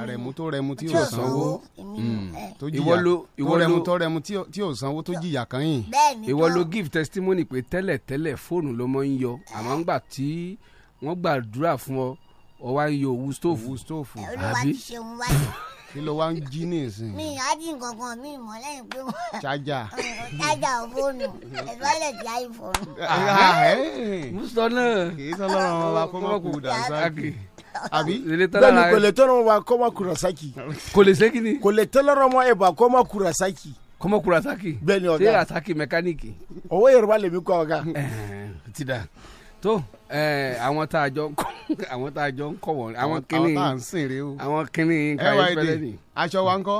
àrẹ̀mú tó rẹmu tí o sanwó hmm. tó jìyà tó rẹmu tó rẹmu tí o sanwó tó jìyà kan yìí. ìwọ ló give testimony pé tẹ́lẹ̀ tẹ́lẹ̀ fóònù ló mọ̀ ń yọ àmọ́ ńgbà tí wọ́n gbàdúrà fún ọ ọ wá yọ òwú stóòfù. òwú stóòfù àbí. olùwà ti ṣe òun wáyé kí ló wá ń jí ní ìsìn. mi ìyájí kankan mi mọ lẹ́yìn pé mo. chájà. chájà fóònù ẹ̀fọ́lẹ̀ ti àìfọ́nù. musa náà. kì í sọlọ́run wọn wa kọ́mọ́kù dànsákì. àbí bẹ́ẹ̀ni kò lè tọ́lọ́run wọn wa kọ́mọ́kù rasaki. kò lè ṣe kíni. kò lè tọ́lọ́run wọn ẹ̀bà kọ́mọ́kù rasaki kọmọ kurasaki bẹ́ẹ̀ni ọ̀gá ṣe rasaki mẹkáníìkì. ọwọ́ yorùbá lèmi kọ ọ̀gá. Eh, ti da tó àwọn tá a jọ ń kọ àwọn tá a jọ ń kọ wọn àwọn kìnnì àwọn tá a ń sìn rè o àwọn kìnnì nǹkan ìfẹ́lẹ́ ni. aṣọ wa ń kọ́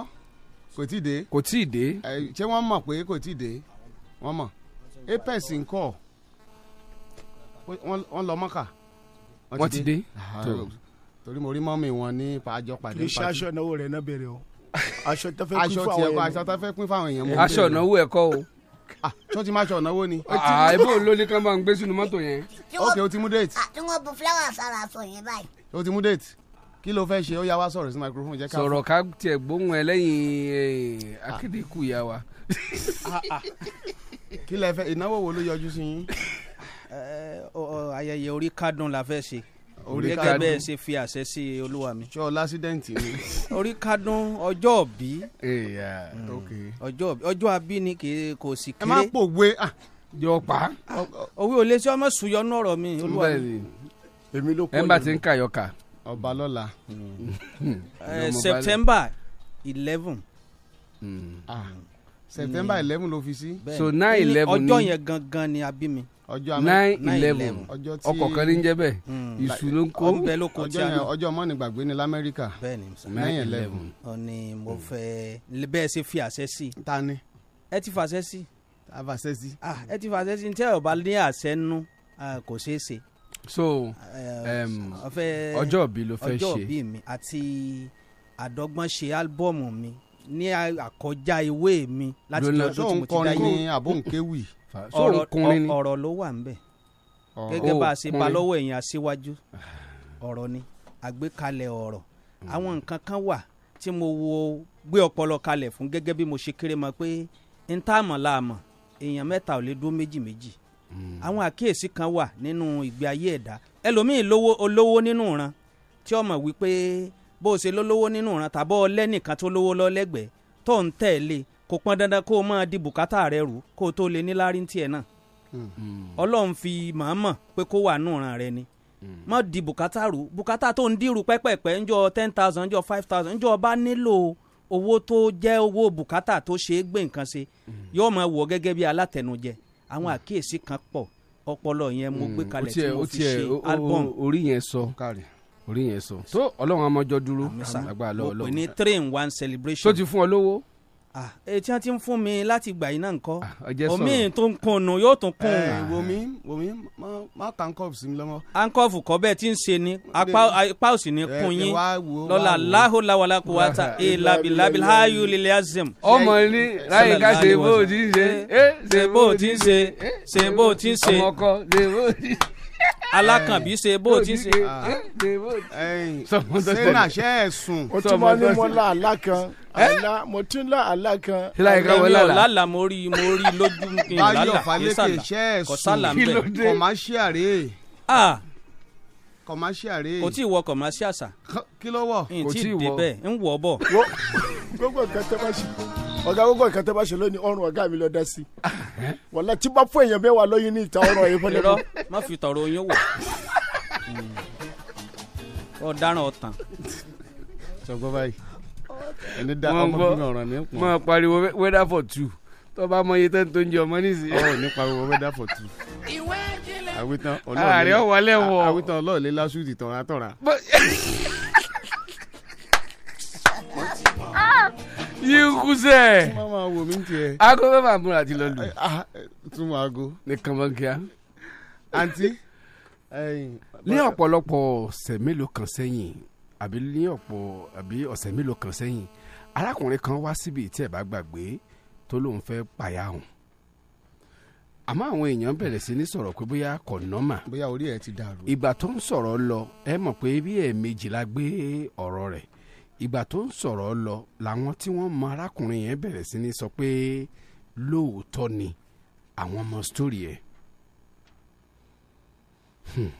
kò tí ì dé. kò tí ì dé. ṣé wọ́n mọ̀ pé kò tí ì dé wọ́n mọ̀ apex ń kọ́ wọ́n lọ mọ́kà. wọ́n ti dé ah, torí mo rí mọ́mì wọn ní àjọ pàdé. kì í ṣe aṣọ ìnáwó rẹ̀ náà bẹ̀rẹ̀ o aṣọ tẹ́fẹ́ pín fáwọn èèyàn. aṣọ aṣọ ìnáwó ẹ̀kọ́ o. Ah, tó ti máa ṣe ọ̀nàwó ni. àìbò ah, ah, ló ní kán bá ń gbé sínú mọ́tò yẹn. ok o ti mú date. tí wọ́n bu flower sára aṣọ yẹn báyìí. o ti mú date kí ló fẹ́ ṣe ó yá wá sọ̀rọ̀ sí microphone jẹ́ ká. sọ̀rọ̀ ká tiẹ̀ gbóhùn ẹ lẹ́yìn eh, akéde ikú ìyá wa. kí lẹ fẹ́ ìnáwó wo ló yọjú sí yín. Eh, ayẹyẹ orí kádùn la fẹ́ ṣe gẹ́gẹ́ bẹ́ẹ̀ ṣe fi àṣẹ sí olúwa mi. sọ lásìdẹ́ǹtì ni. orí kádùn ọjọ́ òbí. Eh, hmm. ọjọ́ òbí ọjọ́ abí ni kò sì kéré. ẹ má pòwe jọ pa. Ah, òwe ò lè ṣe ọmọ sùyọnú ọ̀rọ̀ mi olúwa mi. èmi ló kọ́ ẹ̀ ń bá ti ń kàyọ̀kà. Hmm. Eh, ọba lọ́la. september eleven. Hmm. Ah, september eleven ló fi sí. so nine eleven ni ọjọ́ yẹn gangan ni abí mi nine eleven ọkọ̀ kan ní jẹ́ bẹ́ẹ̀ iṣu hmm. ló ń kó ọjọ́ yẹn ọjọ́ mọ́ni gbàgbé ní lamẹ́ríkà nine eleven. ọ̀ni mo hmm. fẹ́ bẹ́ẹ̀ ṣe fi àṣẹ sí. ta ni. ẹ ti fàṣẹ sí. a fàṣẹ sí. Ah, ẹ ti fàṣẹ sí tẹ́ ọ̀ ní àṣẹ nú kò ṣeé ṣe so eh, ọjọ́ òbí ló fẹ́ ṣe ọjọ́ òbí mi àti àdọ́gbọ́nṣe álbọ́ọ̀mù mi ní àkọjá ìwé mi láti ọjọ́ tí mo ti dá yé. lónà tó ń kọrin ní àbóǹkéwì àfà sóò kùnrin ni. ọ̀rọ̀ ló wà ńbẹ̀ gẹ́gẹ́ bá a ṣe bá lọ́wọ́ èèyàn aṣíwájú ah. ọ̀rọ̀ ni àgbékalẹ̀ ọ̀rọ̀ hmm. àwọn nǹkan kan wà tí mo wo gbé ọpọlọ kalẹ̀ fún gẹ́gẹ́ bí mo ṣe kéré mọ̀ pé n tá àmọ̀ la àmọ̀ èèyàn mẹ́ta ò lè dúró méjì méjì hmm. àwọn àkíyèsí kan wà nínú ìgbé ayé ẹ̀dá ẹlòmíín lówó olówó nínú ìran tí ọmọ wípé bó o ṣe lólówó nínú ìran tàbọ̀ ọlẹ́nìkan tó lówó lọ́lẹ́gbẹ̀ẹ́ tó ń tẹ̀lé e, kò pọn dandan kó o máa di bùkátà rẹ rù kó o tó lè ní lárí tiẹ̀ náà hmm. Hmm. ọlọ́run fi màámọ̀ pé kó wà rẹ ni ma hmm. di bùkátà rù bùkátà tó ń dìrù pẹ́pẹ́pẹ́ ńjọ ten thousand ńjọ five thousand bá nílò owó tó jẹ owó bùkátà tó ṣe é gbé nǹkan ṣe yóò máa bí alátẹnujẹ àwọn àkíyèsí kan ọpọlọ yẹn etí ah, wọn ti ń fún mi láti gbà yín náà nǹkan ah, omi tó ń kùnù yóò tún kùn. Eh, wòmí wòmí má ta ankọ́ọ̀fù sí mi lọ́mọ. ankọ́ọ̀fù kọ́ bẹ́ẹ̀ tí ń ṣe ni apá òsì ni eh, kùn yín lọ́la láhùláwàlá kò wá ta elabilabi hayu lílẹ̀ azim. ọmọ ní láyé ká eh, ṣe bó o ti ń ṣe ṣe bó o ti ń ṣe ṣe bó o ti ń ṣe ọmọkọ ṣe bó o ti ń ṣe alákànbí ṣe bó ti ṣe. Ah. sẹ́nà ṣe é sùn. o tún bá ní mọ́lá alákan Eh? àlá mo ti ń lá àlá kan. láì ká wọlé àlá lálà mo rí mo rí lójú kí n lálà kí sàlà báyọ̀ falẹ́kẹ̀ iṣẹ́ ẹ̀sùn kọ̀máṣíà rè é. kọ̀máṣíà rè é. kò tí ì wọ kọ̀máṣíà sà. kí ló wọ̀ kò tí ì wọ. n tí ì débẹ̀ ń wọ̀ gbogbo nǹkan tẹ́ bá ṣe ọ̀gá gbogbo nǹkan tẹ́ bá ṣe lónìí ọrùn ọ̀gá mi lọ dá sí i. wàlá tí bá fún èèyàn mẹ́wàá lóyún ní ìta ọrọ̀ yìí fọ́lẹ́. irọ́ má fi tọ̀rọ̀ oyún wọ̀ ọ̀daràn ọ̀tàn. sọgbọ́n báyìí ẹni da ọmọ bíbí ọ̀ràn ní pọ̀. máa pariwo weather for two tó bá mọ iye tó ń tó ń jẹ ọmọ nísìnyí. ọ̀ ní pariwo weather for two. ìwé ìjìnlẹ̀. àwítán ah, ọlọ́ọ̀lẹ́ ààrẹ ọ̀wọ́lẹ́ wọ. àwítán ọlọ́ọ̀lẹ́ lásùdì tọ̀ra tọ̀ra. yíkúsẹ̀. mama wo mi tiẹ̀. aago mẹ́fà múra ti lọ lù. Ah, ah, túmọ̀ aago. ní kànmọ́kíá. àǹtí. ní ọ̀pọ̀lọpọ̀ ọ̀sẹ̀ kan sẹ́yìn àbí ní ọ̀pọ̀ àbí ọ̀sẹ̀ mélòó kan sẹ́yìn arákùnrin kan wá síbi tí ẹ̀ bá gbàgbé tó lóun fẹ́ pàyà hùn àmọ́ àwọn èèyàn bẹ̀rẹ̀ sí ní sọ̀rọ̀ pé bóyá kò nọ́mà. bóyá orí ẹ ti dàrú. ìgbà tó ń sọ̀rọ̀ lọ ẹ mọ̀ pé bí ẹ̀ẹ̀mejì la gbé ọ̀rọ̀ rẹ̀ ìgbà tó ń sọ̀rọ̀ lọ làwọn tí wọ́n mọ arákùnrin yẹn bẹ̀rẹ̀ sí ní sọ pé lóòótọ́ ni àwọn mọ sítórì ẹ̀. Hmm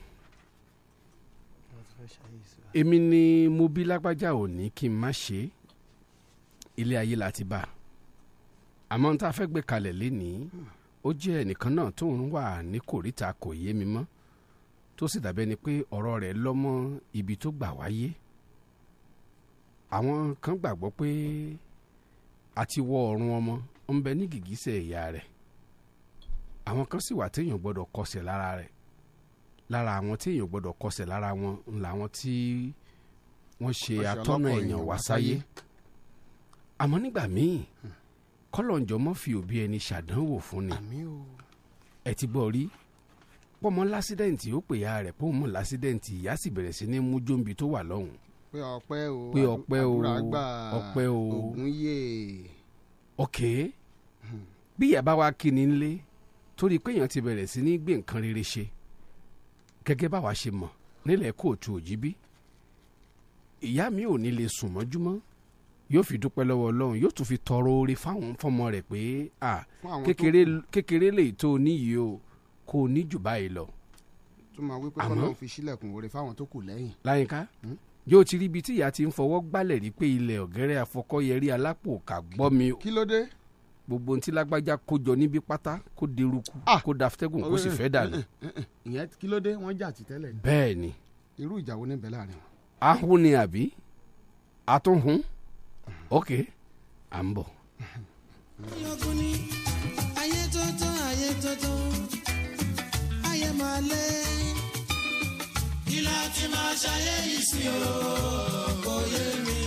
èmi ni mo bí lágbájá ò ní kí n má ṣe ilé ayé la ti bá àmọ́ n ta fẹ́ gbé kalẹ̀ lénìí ó jẹ́ ẹnìkan náà tó ń wà ní kòríta kò yé mi mọ́ tó sì dàbẹ́ ni pé ọ̀rọ̀ rẹ̀ lọ́mọ ibi tó gbà wáyé àwọn kan gbàgbọ́ pé àti wọ ọ̀run ọmọ ń bẹ ní gìgísẹ̀ ìyá rẹ̀ àwọn kan sì wà téèyàn gbọ́dọ̀ kọsẹ̀ lára rẹ̀ lára àwọn tí èèyàn gbọ́dọ̀ kọsẹ̀ lára wọn ń làwọn tí wọ́n ṣe atọ́nà èèyàn wá sáyé àmọ́ nígbà míì hmm. kọ́lọ̀njọ́ mọ́ fi òbí ẹni ṣàdánwò fún ni ẹ ti gbọ́ rí pọ́mọ lásídẹ̀ǹtì ó pè ya rẹ̀ pọ́mọ lásídẹ̀ǹtì ìyá sì bẹ̀rẹ̀ sí ní mú jóńbi tó wà lọ́hùn. pé ọpẹ́ o pé ọpẹ́ o ọpẹ́ o ògùn yé. ok hmm. bí ìyá bá wa kí ni ń lé torí pé èèyàn ti bẹ̀rẹ̀ sí ní gbé nǹkan rere ṣe gẹ́gẹ́ báwa ṣe mọ̀ nílẹ̀ kóòtù òjìbí ìyá mi ò ní lè sùn mọ́júmọ́ yóò fi dúpẹ́ lọ́wọ́ ọlọ́run yóò tún fi tọrọ oore fáwọn fọmọ rẹ̀ pé kékeré lè tó o níyì o kò ní jù báyìí lọ. tó máa wí fi sílẹ̀kùn oore fáwọn tó kù lẹ́yìn. láyìnká hmm? yóò ti rí tí ìyá ti ń fọwọ́ gbálẹ̀ rí pé ilẹ̀ ọ̀gẹ́rẹ́ afọkọ́yẹrí alápò kà gbọ́ mi. kí ló dé gbogbo ntí lágbájá kó níbi pátá kó deruku ah! kó dafitẹ́gùn kó sì fẹ́ dànù. ìyẹn eh, eh, eh, kí ló dé wọn jà ti tẹ́lẹ̀. bẹ́ẹ̀ irú ìjà wo ni bẹ́ẹ̀ ahun ni àbí atúnhun ok à ń bọ̀. ìyókùn ni ayé máa ṣayé yìí sí o kò yé mi.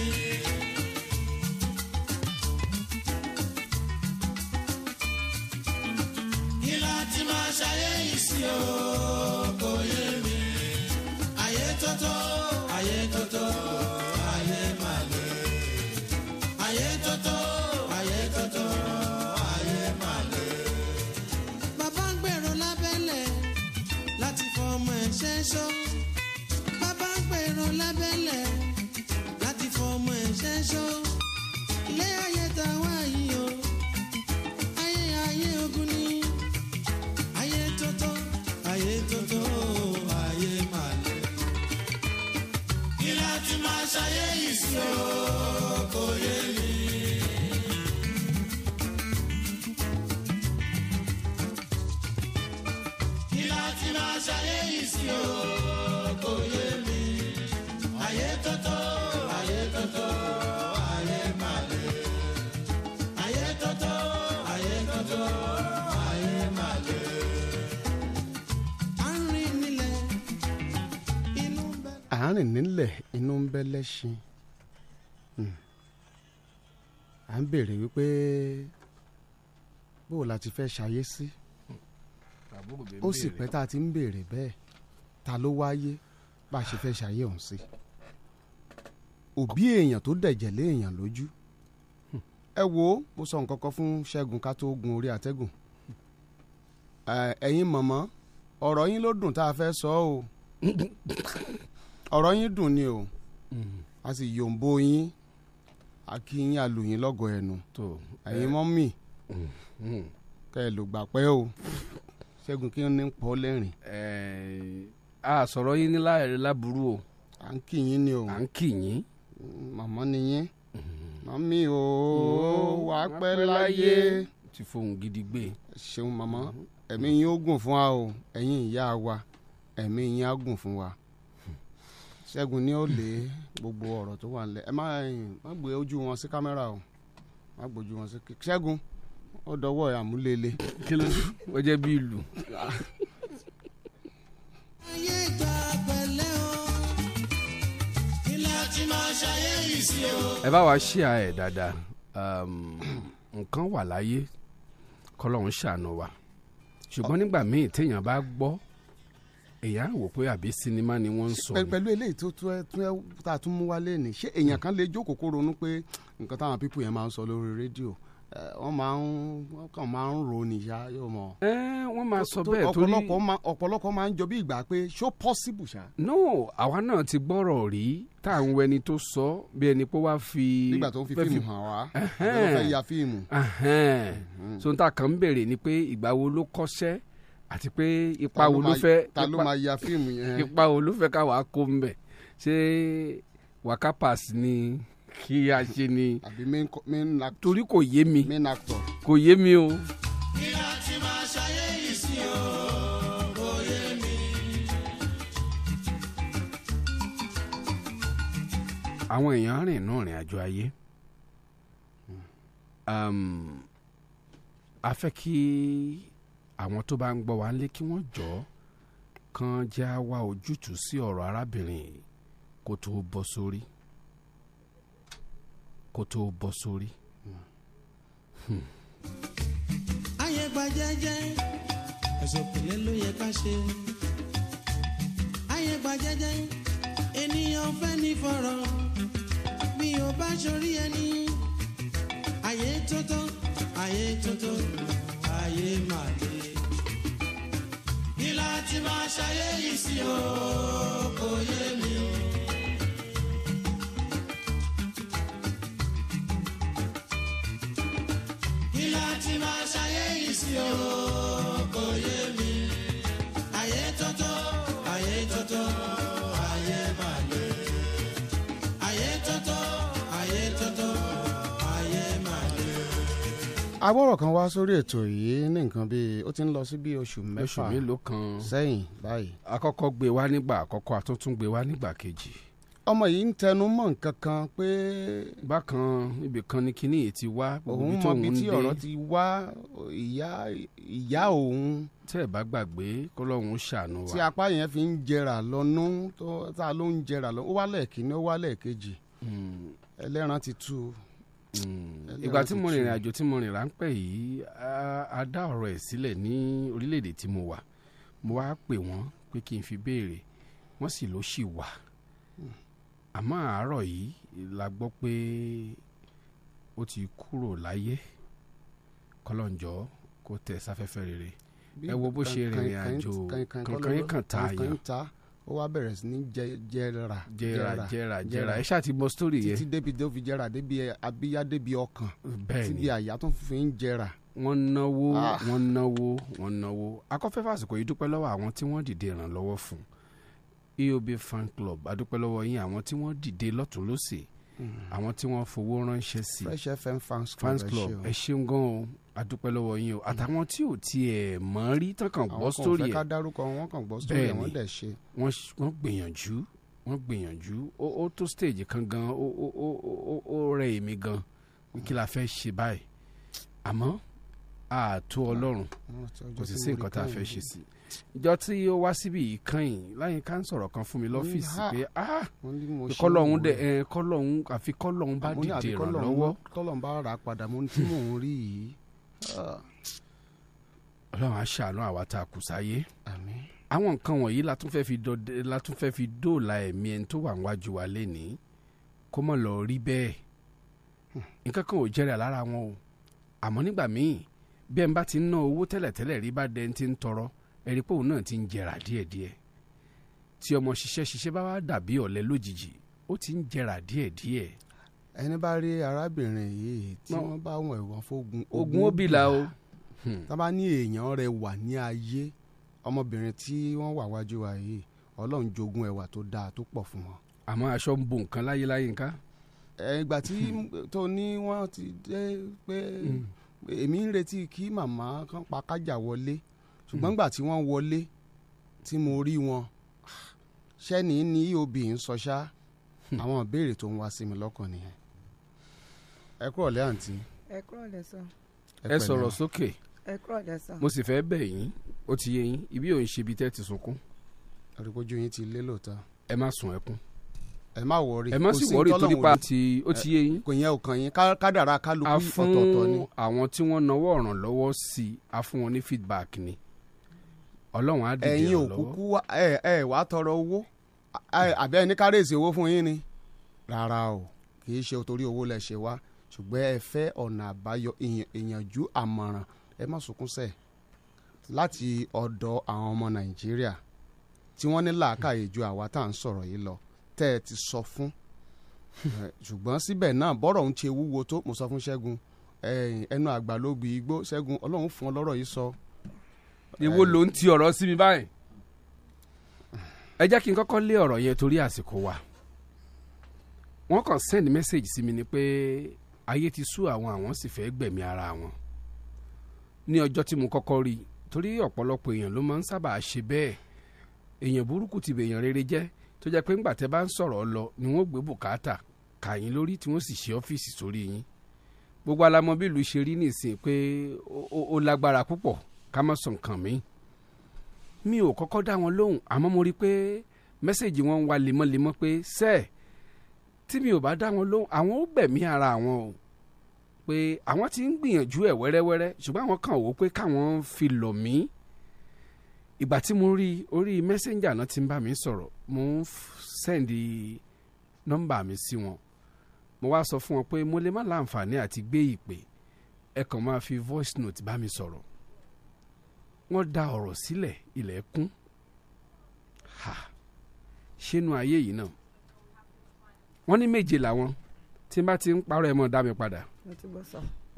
ti máa ṣayé yìí sí o kò yé mi. Ayé tótó, ayé tótó, ayé máa lè. Ayé tótó, ayé tótó, ayé máa lè. Bàbá ń gbèrò lábẹ́lẹ̀ láti fọ ọmọ ẹ̀ ṣẹ́ṣọ́. Bàbá ń gbèrò lábẹ́lẹ̀ láti fọ ọmọ ẹ̀ ṣẹ́ṣọ́. Ilé ayé. ṣayé yìí o kò yé mi. kí láti máa ṣayé yìí o. àárín nílẹ̀ inú ń bẹ́ lẹ́ṣin hmm. à ń béèrè wípé bó o la ti fẹ́ ṣayé sí ó sì pẹ́ tá a ti ń béèrè bẹ́ẹ̀ ta ló wáyé bá a ṣe fẹ́ ṣayé ọ̀hún sí òbí èèyàn tó dẹ̀jẹ̀ lé èèyàn lójú ẹ wo mo sọ nǹkan kan fún ṣẹ́gun ká tó gun orí àtẹ́gùn ẹ̀yin mọ̀mọ́ ọ̀rọ̀ yín ló dùn tá a fẹ́ sọ ọ́ o ọ̀rọ̀ yín dùn ni o mm-hmm. a sì yòǹbo yín a kí yín a lọ́gọ̀ọ́ ẹnu ẹ̀yin mọ́mì mm-hmm. kẹ́ ẹ lò gbà pẹ́ o ṣẹ́gun kí ni pọ́ lẹ́rìn. a sọ̀rọ̀ yín ní láàrin lábúrú o. a ń kì yín ni o. a ń kì yín. màmá ni yín. Mm-hmm. o láyé. ti fohùn gidi gbé. ṣeun yín ó gùn fún wa o ìyá wa yín á gùn ṣẹ́gun ni ó lé gbogbo ọ̀rọ̀ tó wà nílẹ̀ ẹ má má gbé ojú wọn sí kámẹ́rà o má gbójú wọn sí ṣẹ́gun ó dọwọ́ àmúlélẹ̀. kí ló jẹ́ bí ìlú. ẹ bá wa ṣí à ẹ dáadáa ehm, nǹkan wà láyé kọlọ́run ṣàánú wa ṣùgbọ́n nígbà míì téèyàn bá gbọ́ ẹ̀yà wò pé àbí sinimá ni wọ́n ń sọ. pẹ̀lú eléyìí tó tún tá a tún mú wálé ni ṣé èèyàn mm. kan lè jókòó kó ronú pé nǹkan táwọn pípù yẹn máa ń sọ lórí rédíò wọ́n máa ń wọ́n kàn máa ń ro nìyá yóò mọ̀. ẹ wọ́n máa sọ bẹ́ẹ̀ torí ọ̀pọ̀lọpọ̀ máa ń jọ bí ìgbà pé ṣó pọ́síbù ṣá. no àwa náà ti gbọ́rọ̀ rí tá à ń wẹni tó sọ bí ẹni pé wá fi. nígbà tó ń fi fíìmù hàn wá ló fẹ́ ya fíìmù. Mhm. so n ta kàn ń béèrè ni pé ìgbà wo ló kọ́ṣẹ́ àti pé ipa wo ló ipa wo ló fẹ́ ká wàá kó ń bẹ̀ ṣé wakapas ni kí a ṣe ni torí kò yé mi kò yé mi o. àwọn èèyàn rìn náà rìn àjò ayé a fẹ́ kí àwọn tó bá ń gbọ́ wá nílé kí wọ́n jọ kan já wá ojútùú sí ọ̀rọ̀ arábìnrin kó tó bọ́ sórí kó tó bọ́ sórí. Hmm. ayé jẹ́jẹ́ ẹ̀sùn pẹ̀lẹ́ ló yẹ ká ṣe ayé jẹ́jẹ́ ènìyàn fẹ́ ní fọ̀rọ̀ mi ò bá sórí ẹni ayé tótó ayé tótó ayé màdé kí láti máa ṣayé yìí sí o kò yé mi o. kí ṣayé yìí sí o. awọ́rọ̀ kan wá sórí ètò yìí ní nǹkan bíi ó ti ń lọ sí bíi oṣù mẹ́fà oṣù mélòó kan sẹ́yìn báyìí. àkọ́kọ́ gbé wá nígbà àkọ́kọ́ àtúntún gbé wá nígbà kejì. ọmọ yìí ń tẹnu mọ́ nǹkan kan pé. bákan ibì kan ni kinní yìí ti wá. òun mọ bí tí ọ̀rọ̀ ti wá ìyá ìyá òun. tẹ́ ẹ̀ bá gbàgbé kó lọ́hùn ṣàánú wa. tí apá yẹn fi ń jẹrà lọ́nú tá a ló ń jẹrà lọ́nú ó wálẹ̀ kíní ó wálẹ̀ kejì hmm. ẹlẹ́ran ti tú u Mm. ìgbà tí mo rìnrìn àjò tí mo rìn ráńpẹ́ yìí a dá ọ̀rọ̀ ẹ̀ sílẹ̀ ní orílẹ̀-èdè tí mo wà mo wá pè wọ́n pé kí n fi béèrè wọ́n sì ló ṣì wà àmọ́ àárọ̀ yìí la gbọ́ pé ó ti kúrò láyé kọ́lọ́njọ́ kó tẹ̀ sáfẹ́fẹ́ rere ẹ wo bó ṣe rìnrìn àjò kankan kan ta yẹn ó wá bẹ̀rẹ̀ sí ní jẹra jẹra jẹra jẹra ẹ ṣáà ti mọ story yẹn títí débi tó fi jẹra débi abíyá débi ọkàn síbi àyà tó fi ń jẹra. wọ́n náwó ah. wọ́n náwó wọ́n náwó akọ́fẹ́ fàsìkò yìí dúpẹ́ lọ́wọ́ àwọn tí wọ́n dìde ìrànlọ́wọ́ fún eob fan club adúpẹ́ lọ́wọ́ yín àwọn tí wọ́n dìde lọ́tún lọ́sẹ̀ hmm. àwọn tí wọ́n fowó ránṣẹ́ sí fresh fm fans club ẹ ṣeun gan o adúpẹ́ lọ́wọ́ yín o àtàwọn tí ò tiẹ̀ mọ̀ rí tán kàn gbọ́ sórí ẹ̀ àwọn kan fẹ́ ká dárúkọ wọn kàn gbọ́ sórí ẹ̀ wọ́n dẹ̀ ṣe. wọ́n gbìyànjú wọ́n gbìyànjú ó tó stage kan gan ó rẹ̀ èmi gan kí la fẹ́ ṣe báyìí àmọ́ ààtò ọlọ́run kò sì sí nǹkan tá a fẹ́ ṣe sí ìjọ tí ó wá síbi ìkànnì láyìn ká ń sọ̀rọ̀ kan fún mi lọ́fíìsì pé kọ́lọ́hún dẹ̀ ẹ̀ kọ́lọ́hún àfi kọ́lọ́hún bá dìde ìrànlọ́wọ́. kọ́lọ́hún bá rà padà mo ní tí mò ń rí yìí ọlọ́run á ṣàánú àwa tá a kù sáyé àwọn nǹkan wọ̀nyí la tún fẹ́ fi dóòlà ẹ̀mí ẹni tó wà níwájú wa lénìí kó mọ̀ lọ rí bẹ́ẹ̀ nǹkan kan ò jẹ́rìí lára wọn o àmọ́ nígbà míì bí ẹ̀ ń bá ti ń ná owó tẹ́lẹ̀tẹ́lẹ̀ rí bá dẹ́n ti ń tọrọ ẹ̀rí pé òun náà ti ń jẹrà díẹ̀díẹ̀ tí ọmọ ṣiṣẹ́ ṣiṣẹ́ bá wá dàbí ọ̀lẹ lójijì ó ti ń jẹrà díẹ̀díẹ̀ ẹni bá rí arábìnrin yìí tí wọ́n bá wọn ìwọ̀n fógun ogun obìlà o hmm. tá ní èèyàn rẹ wà ní ayé ọmọbìnrin tí wọ́n wà wájú wa yìí ọlọ́run jogún ẹwà tó dáa tó pọ̀ fún wọn. àmọ́ aṣọ ń bo nǹkan láyé láyé nǹkan. ìgbà tí hmm. tó ní wọ́n ti dé pé hmm. èmi ń retí kí màmá kan pa kájà wọlé ṣùgbọ́n ìgbà tí wọ́n wọlé tí mo rí wọn ah, ṣẹ́ni ní eob ń sọ ṣá àwọn ìbéèrè tó ń wá sí mi lọ́kàn nìyẹn ẹ kúrò lẹ́ àǹtí. ẹ kúrò lẹ́ sọ. ẹ sọ̀rọ̀ sókè. ẹ kúrò lẹ́ sọ. mo sì fẹ́ bẹ̀ yín ó ti yé yín ibi ò ń ṣe ibi tẹ́ ti sunkún. àríkójú yín ti lé lóòótọ́. ẹ má sun ẹkún. ẹ má wọrí ẹ má sì wọrí torí pa ti ó ti yé yín. kò yẹn ò kàn yín kádàrá kálukú ọ̀tọ̀ọ̀tọ̀ ni. a fún àwọn tí wọ́n nawọ́ ọ̀ràn lọ́wọ́ sí i a fún wọn ní feedback ni ọlọ́run á dìde ọ̀lọ́wọ́. ẹ̀yin òkúkú ẹ ẹ wàá tọrọ owó àbí ẹni ni rárá o kì í ṣe torí owó lẹ ṣe wá ṣùgbọ́n ẹ fẹ́ ọ̀nà àbáyọ ìyànjú àmọ̀ràn ẹ má sunkún sẹ̀ láti ọ̀dọ̀ àwọn ọmọ nàìjíríà tí wọ́n ní làákàyè ju àwa tá à ń sọ̀rọ̀ yìí lọ tẹ́ ẹ ti sọ fún ṣùgbọ́n síbẹ̀ náà bọ́rọ̀ ń ṣe wúwo tó mo sọ fún ṣẹ́gun ẹnu àgbà ló gbi igbó ṣẹ́gun ọlọ́run fún ọ lọ́rọ̀ yìí sọ. èwo ló ń ti ọ̀rọ̀ sí mi báyìí ẹ jẹ́ kí n kọ́kọ́ lé ọ̀rọ̀ yẹn torí àsìkò wa wọ́n kàn send message sí mi ni pé ayé ti sú àwọn àwọn sì fẹ́ gbẹ̀mí ara wọn ní ọjọ́ tí mo kọ́kọ́ rí torí ọ̀pọ̀lọpọ̀ èèyàn ló máa ń sábà ṣe bẹ́ẹ̀ èèyàn burúkú ti bèèyàn rere jẹ́ tó jẹ́ pé ńgbà tẹ́ bá ń sọ̀rọ̀ lọ ni wọ́n gbé bùkátà kà yín lórí tí wọ́n sì ṣe ọ́fíìsì sórí yín gbogbo alamọ bí ìlú ṣe rí nìsín pé ó lágbára púpọ̀ ká má sọ nǹkan mi mi ò kọ́kọ́ dá wọn lóhùn àmọ́ mo rí pé mẹ́sẹ̀gì wọn ń lemọ́lemọ́ pé sẹ́ẹ̀ tí mi ò bá dá wọn lóhùn àwọn ó gbẹ̀mí ara àwọn o pé àwọn ti ń gbìyànjú ẹ̀ wẹ́rẹ́wẹ́rẹ́ ṣùgbọ́n àwọn kan wò ó pé káwọn fi lọ̀ mí ìgbà tí mo rí orí messenger náà ti ń bá mi sọ̀rọ̀ mo ń sẹ́ndì nọ́mbà mi sí wọn mo wá sọ fún wọn pé mo lè má láǹfààní àti gbé ìpè ẹ kàn máa fi voice note bá mi sọ̀rọ̀ wọ́n da ọ̀rọ̀ sílẹ̀ ilẹ̀ kún ṣénu ayé yìí náà wọ́n ní méje làwọn tí n bá ti ń parọ́ ẹ̀ mọ́ dá mi padà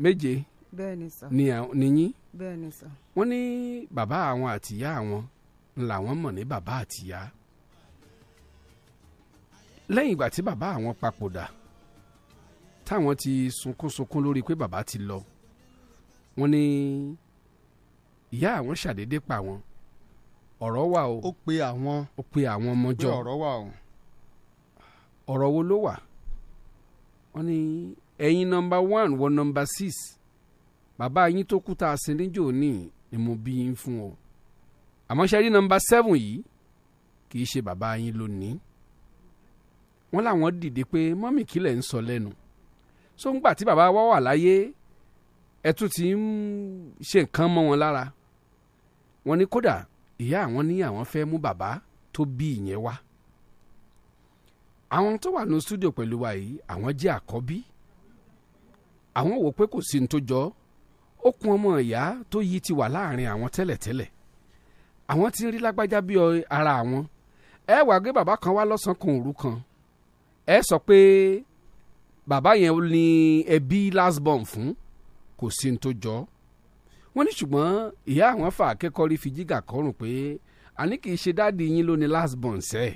méje nìyín wọ́n ní bàbá àwọn àtìyá àwọn làwọn mọ̀ ní bàbá àtìyá lẹ́yìn ìgbà tí bàbá àwọn papòdà táwọn ti sunkúnsunkún lórí pé bàbá ti lọ wọ́n ní ìyá àwọn ṣàdédé pa wọn ọ̀rọ̀ wà o ó pe àwọn ó pe àwọn wà o ọ̀rọ̀ wo ló wà wọ́n ní ẹ̀yin nọmba one wọ nọmba six bàbá yín tó kú tá a sin níjò ní ni mo bí yín fún o àmọ́ ṣe rí nọmba seven yìí kì í ṣe bàbá yín lónìí wọ́n làwọn dìde pé mọ́mì kílẹ̀ ń sọ lẹ́nu so ńgbà tí bàbá wa wà láyé ẹ tún ti ń ṣe nǹkan mọ́ wọn lára wọ́n ní kódà ìyá àwọn ní àwọn fẹ́ mú bàbá tó bí ìyẹn wá àwọn tó wà ní studio pẹ̀lú wa yìí àwọn jẹ́ àkọ́bí àwọn wò pé kò sí ní tó jọ ó kun ọmọ ìyá tó yí ti wà láàrin àwọn tẹ́lẹ̀tẹ́lẹ̀ àwọn ti ń rí lágbájá bí ara àwọn ẹ wá gbé bàbá kan wá lọ́sàn kan òru kan ẹ sọ pé bàbá yẹn ni ẹbí last born fún kò sí ní tó jọ wọ́n ní ṣùgbọ́n ìyá àwọn fà akẹ́kọ̀ọ́ rí fi jígà kọrùn pé àní kì í ṣe dáàdi yín ló last born sẹ́ẹ̀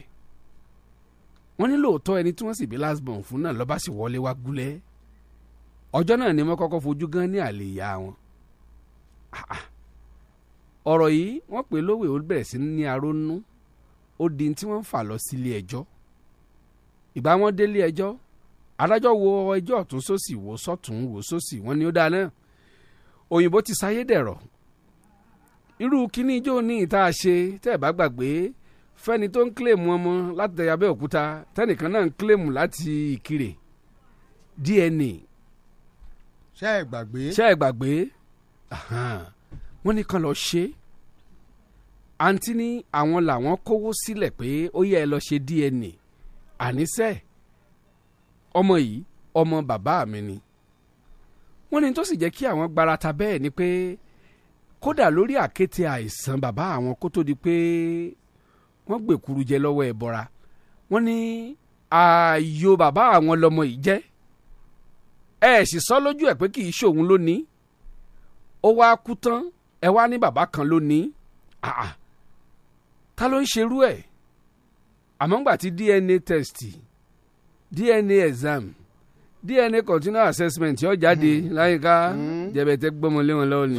wọ́n ní lóòótọ́ ẹni tí wọ́n sì bí last born fún náà lọ́ba sì wọlé wá gúlẹ̀ ọjọ́ náà ni wọ́n kọ́kọ́ fojú gan ní àlè ìyá wọn ọ̀rọ̀ yìí wọ́n pè lówè ó bẹ̀rẹ̀ sí ní arónú ó di tí wọ́n ń fà lọ sílé ẹjọ́ ìgbà wọn délé ẹjọ́ adájọ́ wo ẹjọ́ ọ̀tún sósì wò sọ́tún wò sósì wọ́n ní ó dáa náà òyìnbó ti sáyé dẹ̀rọ̀ irú kíní ijó ní ìta ṣe tẹ́ ẹ̀ bá gbàgbé fẹ́ni tó ń kílèmù ọmọ láti tẹ̀yà Abẹ́òkúta tẹ́nìkan náà ń kílèmù láti Ìkirè DNA. ṣé ẹ gbàgbé. ṣé ẹ gbàgbé wọ́n ní kan lọ ṣe àǹtí ní àwọn làwọn kówó sílẹ̀ pé ó yẹ ẹ lọ ṣe DNA àníṣe ọmọ yìí ọmọ bàbá mi ni wọ́n ní tó sì jẹ́ kí àwọn gbarata bẹ́ẹ̀ ni pé kódà lórí àkéte àìsàn bàbá àwọn kó tó di pé wọ́n gbèkuru jẹ lọ́wọ́ ẹ̀ bọ́ra wọ́n ní ààyò bàbá àwọn lọmọ yìí jẹ́ ẹ sì sọ lójú ẹ̀ pé kì í ṣòun lónìí ó wá kú tán ẹ wá ní bàbá kan lónìí àà ta ló ń ṣerú ẹ̀ àmọ́ ngbà tí DNA test DNA exam DNA continuous assessment yóò jáde hmm. láyìíká hmm. jẹ̀bẹ̀tẹ̀ gbọ́mọlé wọn lọ́wọ́ ni.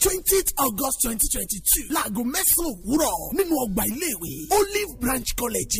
twentieth august twenty twenty two láago mẹ́sàn-án òwúrọ̀ nínú ọgbà iléèwé olive branch college